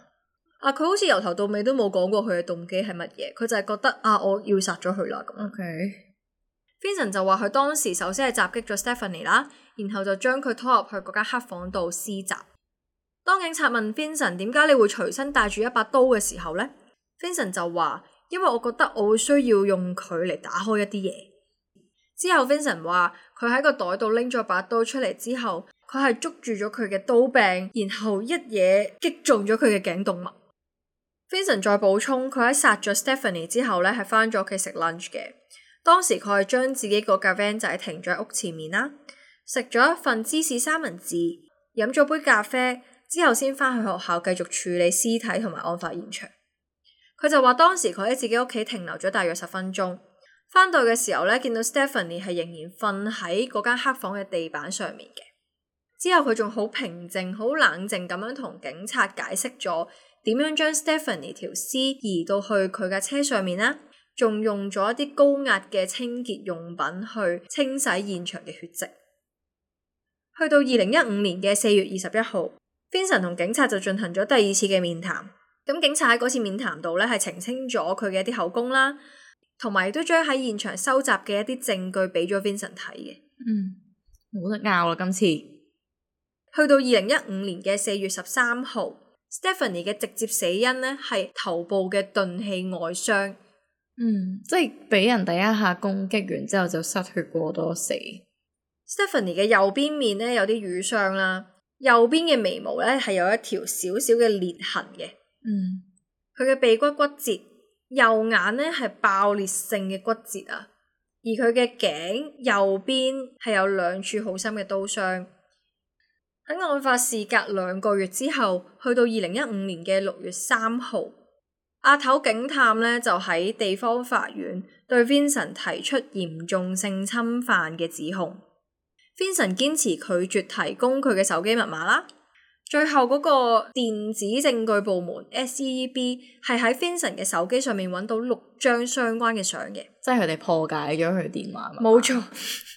啊！佢好似由頭到尾都冇講過佢嘅動機係乜嘢，佢就係覺得啊，我要殺咗佢啦咁。OK，Vincent 就話佢當時首先係襲擊咗 Stephanie 啦，然後就將佢拖入去嗰間黑房度施襲。當警察問 Vincent 點解你會隨身帶住一把刀嘅時候咧，Vincent 就話因為我覺得我會需要用佢嚟打開一啲嘢。之後 Vincent 話佢喺個袋度拎咗把刀出嚟之後，佢係捉住咗佢嘅刀柄，然後一嘢擊中咗佢嘅頸動脈。Vincent 再補充，佢喺殺咗 Stephanie 之後咧，係翻咗屋企食 lunch 嘅。當時佢係將自己個架 van 仔停咗喺屋前面啦，食咗一份芝士三文治，飲咗杯咖啡之後，先翻去學校繼續處理屍體同埋案發現場。佢就話當時佢喺自己屋企停留咗大約十分鐘，翻到嘅時候咧，見到 Stephanie 係仍然瞓喺嗰間黑房嘅地板上面嘅。之後佢仲好平靜、好冷靜咁樣同警察解釋咗。點樣將 Stephanie 條屍移到去佢嘅車上面呢？仲用咗一啲高壓嘅清潔用品去清洗現場嘅血迹。去到二零一五年嘅四月二十一號，Vincent 同警察就進行咗第二次嘅面談。咁警察喺嗰次面談度咧，係澄清咗佢嘅一啲口供啦，同埋都將喺現場收集嘅一啲證據俾咗 Vincent 睇嘅。嗯，冇得拗啦，今次。去到二零一五年嘅四月十三號。Stephanie 嘅直接死因咧，係頭部嘅鈍器外傷，嗯，即係畀人第一下攻擊完之後就失血過多死。Stephanie 嘅右邊面咧，有啲瘀傷啦，右邊嘅眉毛咧，係有一條小小嘅裂痕嘅，嗯，佢嘅鼻骨骨折，右眼咧，係爆裂性嘅骨折啊，而佢嘅頸右邊係有兩處好深嘅刀傷。喺案發事隔兩個月之後，去到二零一五年嘅六月三號，阿頭警探咧就喺地方法院對 Vincent 提出嚴重性侵犯嘅指控。Vincent 堅持拒絕提供佢嘅手機密碼啦。最後嗰個電子證據部門 SEEB 係喺 Vincent 嘅手機上面揾到六張相關嘅相嘅，即係佢哋破解咗佢電話密碼。冇錯。沒錯 (laughs)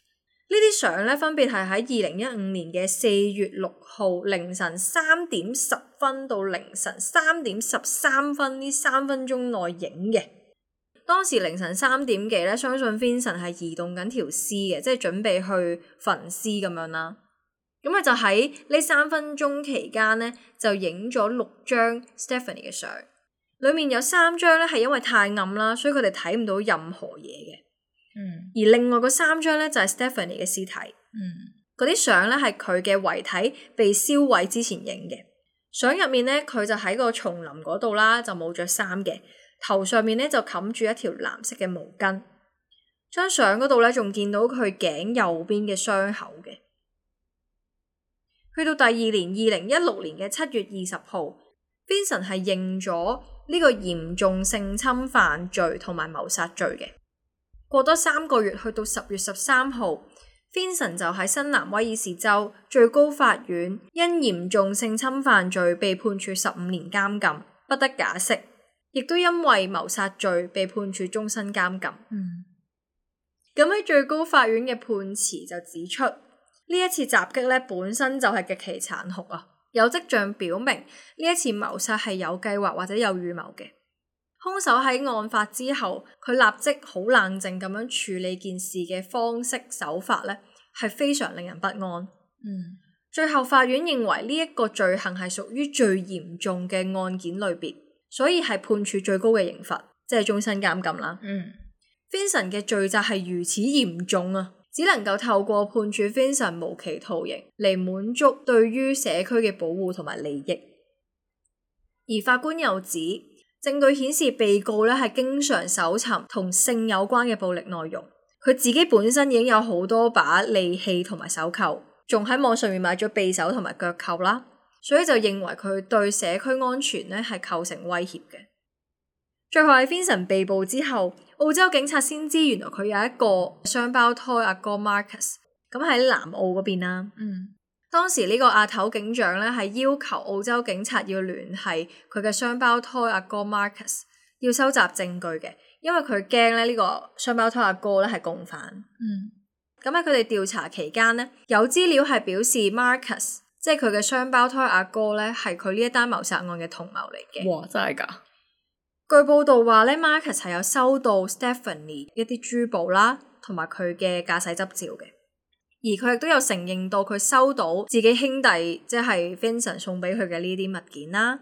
呢啲相咧，分別係喺二零一五年嘅四月六號凌晨三點十分到凌晨三點十三分呢三分鐘內影嘅。當時凌晨三點幾咧，相信 Vincent 係移動緊條屍嘅，即係準備去焚屍咁樣啦。咁啊就喺呢三分鐘期間咧，就影咗六張 Stephanie 嘅相，裏面有三張咧係因為太暗啦，所以佢哋睇唔到任何嘢嘅。而另外嗰三張呢、嗯，就係 Stephanie 嘅屍體，嗰啲相呢，係佢嘅遺體被燒毀之前影嘅。相入面呢，佢就喺個叢林嗰度啦，就冇着衫嘅，頭上面呢，就冚住一條藍色嘅毛巾。張相嗰度呢，仲見到佢頸右邊嘅傷口嘅。去到第二年二零一六年嘅七月二十號，Vincent 係認咗呢個嚴重性侵犯罪同埋謀殺罪嘅。過多三個月，去到十月十三號，芬臣就喺新南威爾士州最高法院因嚴重性侵犯罪被判處十五年監禁，不得假釋，亦都因為謀殺罪被判處終身監禁。咁喺、嗯、最高法院嘅判詞就指出，呢一次襲擊咧本身就係極其殘酷啊，有跡象表明呢一次謀殺係有計劃或者有預謀嘅。兇手喺案發之後，佢立即好冷靜咁樣處理件事嘅方式手法呢係非常令人不安。嗯、最後法院認為呢一個罪行係屬於最嚴重嘅案件類別，所以係判處最高嘅刑罰，即係終身監禁啦。嗯，Vincent 嘅罪責係如此嚴重啊，只能夠透過判處 Vincent 無期徒刑嚟滿足對於社區嘅保護同埋利益。而法官又指。證據顯示被告咧係經常搜尋同性有關嘅暴力內容，佢自己本身已經有好多把利器同埋手扣，仲喺網上面買咗匕首同埋腳扣啦，所以就認為佢對社區安全咧係構成威脅嘅。最後，係 Vincent 被捕之後，澳洲警察先知原來佢有一個雙胞胎阿哥，哥 Marcus，咁喺南澳嗰邊啦。嗯。當時呢個阿頭警長咧係要求澳洲警察要聯繫佢嘅雙胞胎阿哥 Marcus 要收集證據嘅，因為佢驚咧呢個雙胞胎阿哥咧係共犯。嗯，咁喺佢哋調查期間咧，有資料係表示 Marcus 即係佢嘅雙胞胎阿哥咧係佢呢一單謀殺案嘅同謀嚟嘅。哇，真係噶！據報道話咧，Marcus 係有收到 Stephanie 一啲珠寶啦，同埋佢嘅駕駛執照嘅。而佢亦都有承認到佢收到自己兄弟即係、就是、Vincent 送俾佢嘅呢啲物件啦。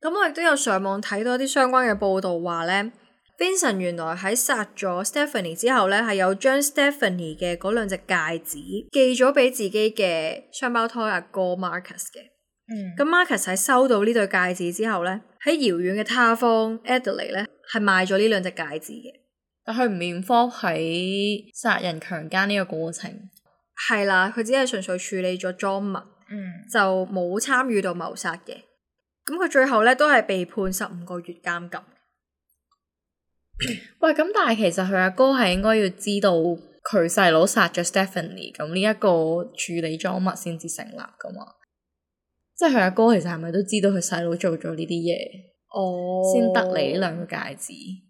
咁我亦都有上網睇到一啲相關嘅報道，話咧、mm hmm. Vincent 原來喺殺咗 Stephanie 之後咧，係有將 Stephanie 嘅嗰兩隻戒指寄咗俾自己嘅雙胞胎阿、啊、哥 Marcus 嘅。嗯、mm，咁、hmm. Marcus 喺收到呢對戒指之後咧，喺遙遠嘅他方 Adelaide 咧係賣咗呢兩隻戒指嘅。但佢唔免科喺殺人強姦呢個過程，係啦、啊，佢只係純粹處理咗贓物，嗯，就冇參與到謀殺嘅。咁佢最後咧都係被判十五個月監禁。 (coughs) 喂，咁但係其實佢阿哥係應該要知道佢細佬殺咗 Stephanie，咁呢一個處理贓物先至成立噶嘛？即係佢阿哥其實係咪都知道佢細佬做咗呢啲嘢？哦，先得你呢兩個戒指。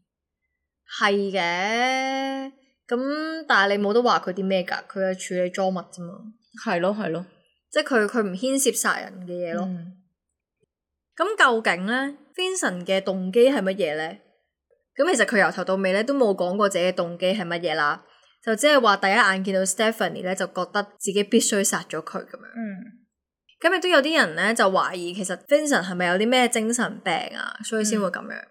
係嘅，咁但係你冇得話佢啲咩噶佢係處理贓物啫嘛。係咯，係咯，嗯，即係佢佢唔牽涉殺人嘅嘢咯。咁究竟咧，Vincent 嘅動機係乜嘢咧？咁其實佢由頭到尾咧都冇講過自己嘅動機係乜嘢啦，就只係話第一眼見到 Stephanie 咧就覺得自己必須殺咗佢咁樣。嗯，咁亦都有啲人咧就懷疑，其實 Vincent 係咪有啲咩精神病啊，所以先會咁樣。嗯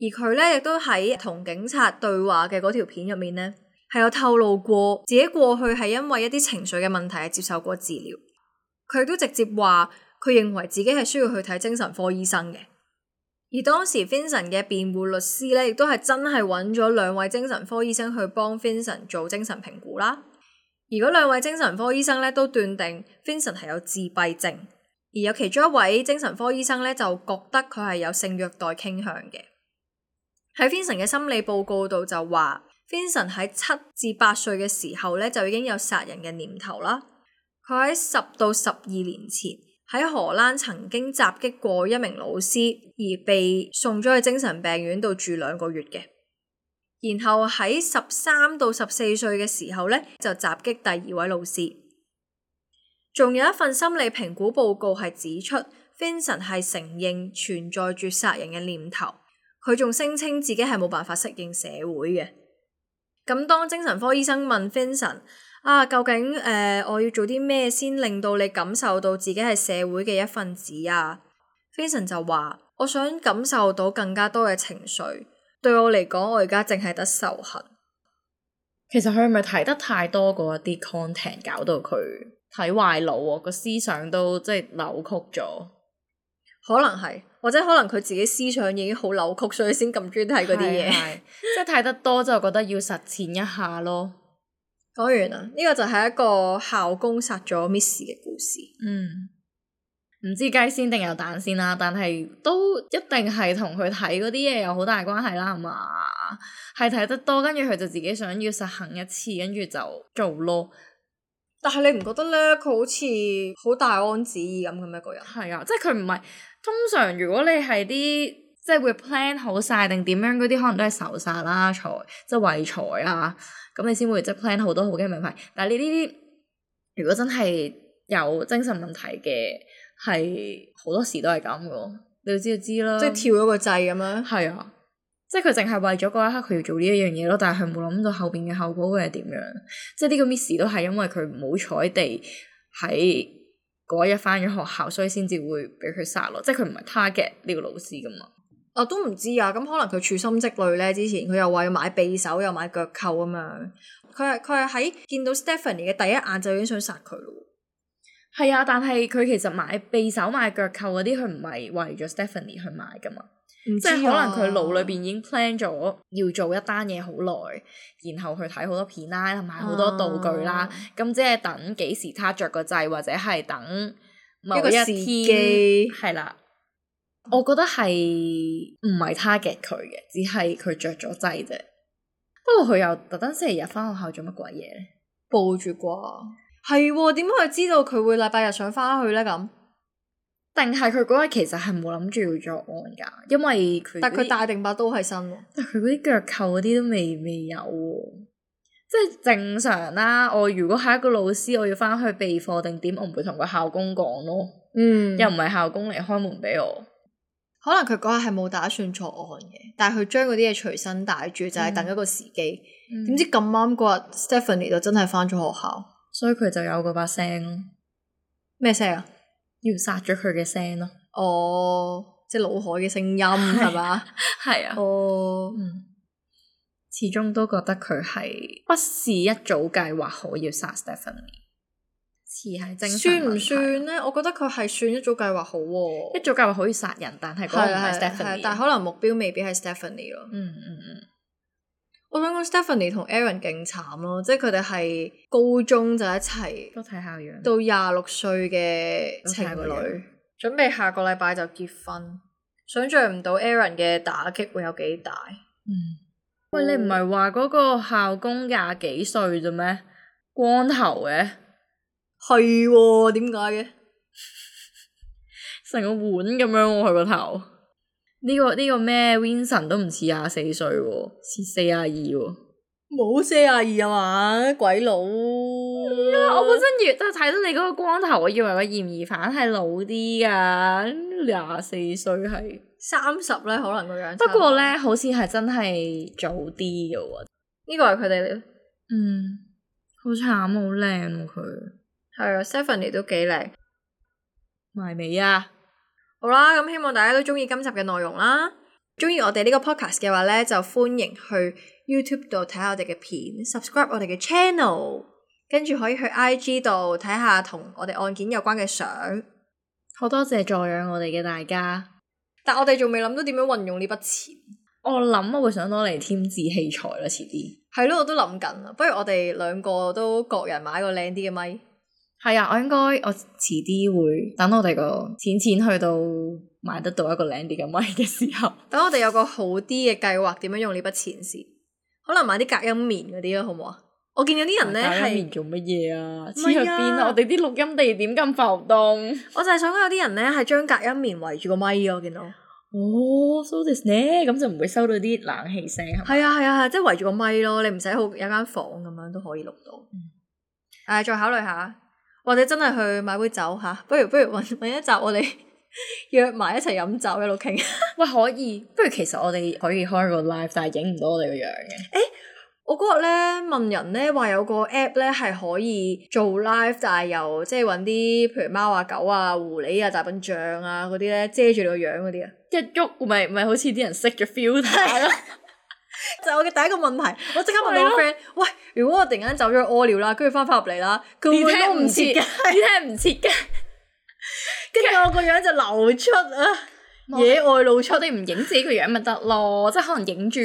而佢咧亦都喺同警察對話嘅嗰條片入面咧，係有透露過自己過去係因為一啲情緒嘅問題係接受過治療。佢都直接話佢認為自己係需要去睇精神科醫生嘅。而當時 Vincent 嘅辯護律師咧，亦都係真係搵咗兩位精神科醫生去幫 Vincent 做精神評估啦。而嗰兩位精神科醫生咧都斷定 Vincent 係有自閉症，而有其中一位精神科醫生咧就覺得佢係有性虐待傾向嘅。喺 Vincent 嘅心理報告度就話，Vincent 喺七至八歲嘅時候呢，就已經有殺人嘅念頭啦。佢喺十到十二年前喺荷蘭曾經襲擊過一名老師，而被送咗去精神病院度住兩個月嘅。然後喺十三到十四歲嘅時候呢，就襲擊第二位老師。仲有一份心理評估報告係指出，Vincent 係承認存在住殺人嘅念頭。佢仲聲稱自己係冇辦法適應社會嘅。咁當精神科醫生問 Vincent 啊，究竟誒、呃、我要做啲咩先令到你感受到自己係社會嘅一份子啊？Vincent 就話：我想感受到更加多嘅情緒，對我嚟講，我而家淨係得仇恨。其實佢係咪睇得太多嗰一啲 content，搞到佢睇壞腦啊？個思想都即係扭曲咗，可能係。或者可能佢自己思想已經好扭曲，所以先咁中意睇嗰啲嘢，即係睇得多，就覺得要實踐一下咯。講完啦，呢、嗯、個就係一個校工殺咗 Miss 嘅故事。嗯，唔知雞先定有蛋先啦、啊，但係都一定係同佢睇嗰啲嘢有好大關係啦，係嘛？係睇得多，跟住佢就自己想要實行一次，跟住就做咯。但係你唔覺得咧？佢好似好大安子意咁嘅一個人。係啊，即係佢唔係。通常如果你係啲即係會 plan 好晒定點樣嗰啲，可能都係仇殺啦，財即係為財啊，咁、啊、你先會即係 plan 好多好嘅名牌。但係你呢啲如果真係有精神問題嘅，係好多時都係咁嘅，你要知就知啦。即係跳咗個掣咁樣。係啊，即係佢淨係為咗嗰一刻佢要做呢一樣嘢咯，但係佢冇諗到後邊嘅效果會係點樣。即係呢個 Miss 都係因為佢唔好彩地喺嗰日翻咗學校，所以先至會俾佢殺咯。即係佢唔係他嘅呢個老師噶嘛。啊，都唔知啊，咁可能佢處心積慮咧。之前佢又話要買匕首，又買腳扣啊嘛。佢佢係喺見到 Stephanie 嘅第一眼就已經想殺佢咯。係啊，但係佢其實買匕首、買腳扣嗰啲，佢唔係為咗 Stephanie 去買噶嘛。即係可能佢腦裏邊已經 plan 咗要做一單嘢好耐，然後去睇好多片啦，同埋好多道具啦，咁、啊、即係等幾時他着個掣，或者係等某一天係啦。我覺得係唔係 target 嘅，佢嘅，只係佢着咗掣啫。不過佢又特登星期日翻學校做乜鬼嘢咧？報住啩？係點解佢知道佢會禮拜日想翻去咧？咁？定係佢嗰日其實係冇諗住要作案㗎，因為佢但佢帶定把刀係新喎，但佢嗰啲腳扣嗰啲都未未有喎、啊，即係正常啦、啊。我如果係一個老師，我要翻去備課定點，我唔會同個校工講咯。嗯，又唔係校工嚟開門俾我。可能佢嗰日係冇打算作案嘅，但係佢將嗰啲嘢隨身帶住，就係、是、等一個時機。點、嗯、知咁啱嗰日、嗯、Stephanie 就真係翻咗學校，所以佢就有嗰把聲咯。咩聲啊？要殺咗佢嘅聲咯，哦，即係腦海嘅聲音係嘛？係 (laughs) 吧 (laughs) 啊，哦，嗯、始終都覺得佢係不是一早計劃好要殺 Stephanie，似係精神，算唔算咧？我覺得佢係算一早計劃好喎、啊，一早計劃可以殺人，但係嗰個唔係 Stephanie，但可能目標未必係 Stephanie 咯、嗯。嗯嗯嗯。我想講 Stephanie 同 Aaron 勁慘咯，即係佢哋係高中就一齊，都睇下樣，到廿六歲嘅情侶，準備下個禮拜就結婚，想象唔到 Aaron 嘅打擊會有幾大。嗯，喂，你唔係話嗰個校工廿幾歲咋咩？光頭嘅，係喎、嗯，點解嘅？成 (laughs) 個碗咁樣，佢個頭。呢、這個呢、這個咩 Vincent 都唔似廿四歲喎，啊，似四十二喎。冇四十二啊嘛，鬼佬、啊嗯！我本身越即係睇到你嗰個光頭，我以為個嫌疑犯係老啲噶，廿四歲係三十咧，可能個樣。不過咧，好似係真係早啲噶。呢個係佢哋，嗯，好慘，好靚佢。係啊，Stephanie 都幾靚，埋尾啊！好啦，咁希望大家都中意今集嘅內容啦。中意我哋呢個 podcast 嘅話呢，就歡迎去 YouTube 度睇下我哋嘅片，subscribe 我哋嘅 channel，跟住可以去 IG 度睇下同我哋案件有關嘅相。好多謝助養我哋嘅大家，但我哋仲未諗到點樣運用呢筆錢。我諗我會想攞嚟添置器材咯，遲啲係咯，我都諗緊啦。不如我哋兩個都各人買個靚啲嘅咪。係啊，我應該我遲啲會等我哋個錢錢去到買得到一個靚啲嘅咪嘅時候， (laughs) 等我哋有個好啲嘅計劃，點樣用呢筆錢先？可能買啲隔音棉嗰啲咯，好唔好啊？我見有啲人咧係隔音棉做乜嘢啊？黐喺邊啊？我哋啲錄音地點咁浮動，我就係想講有啲人咧係將隔音棉圍住個咪咯，我見到哦，so this 咧咁就唔會收到啲冷氣聲。係啊係啊，即係圍住個咪咯，你唔使好有間房咁樣都可以錄到。誒、嗯，再考慮下。或者真係去買杯酒吓，不如不如揾揾一集我哋 (laughs) 約埋一齊飲酒，一路傾。 (laughs) 喂，可以，不如其實我哋可以開個 live，但係影唔到我哋個樣嘅。誒、欸，我嗰日咧問人咧話有個 app 咧係可以做 live，但係又即係揾啲譬如貓啊、狗啊、狐狸啊、大笨象啊嗰啲咧遮住你個樣嗰啲啊，一喐咪咪好似啲人識咗 filter 咯。就係我嘅第一個問題，我即刻問你個 friend：， (music) 喂，如果我突然間走咗屙尿啦，會會 (laughs) 跟住翻返入嚟啦，佢會都唔切嘅，你聽唔切嘅。跟住我個樣就流出啊， (music) 野外露出，你唔影自己個樣咪得咯，即係可能影住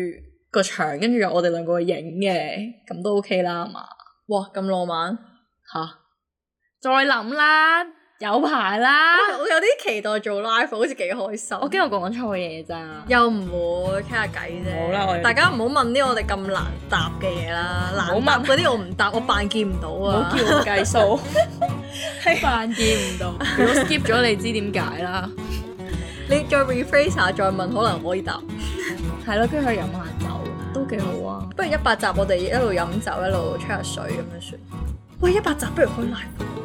(music) 個牆，跟住我哋兩個影嘅，咁都 OK 啦，係嘛？哇，咁浪漫吓，再諗啦。有排啦，我有啲期待做 live，好似幾開心。我驚我講錯嘢咋？又唔會傾下偈啫。好啦，大家唔好問呢個我哋咁難答嘅嘢啦，難答嗰啲我唔答，我扮見唔到啊。唔好叫我計數，係扮見唔到。如果 skip 咗，你知點解啦？你再 rephrase 下，再問可能可以答。係咯，跟住去飲下酒都幾好啊。不如一百集我哋一路飲酒一路吹下水咁樣算。喂，一百集不如開 live。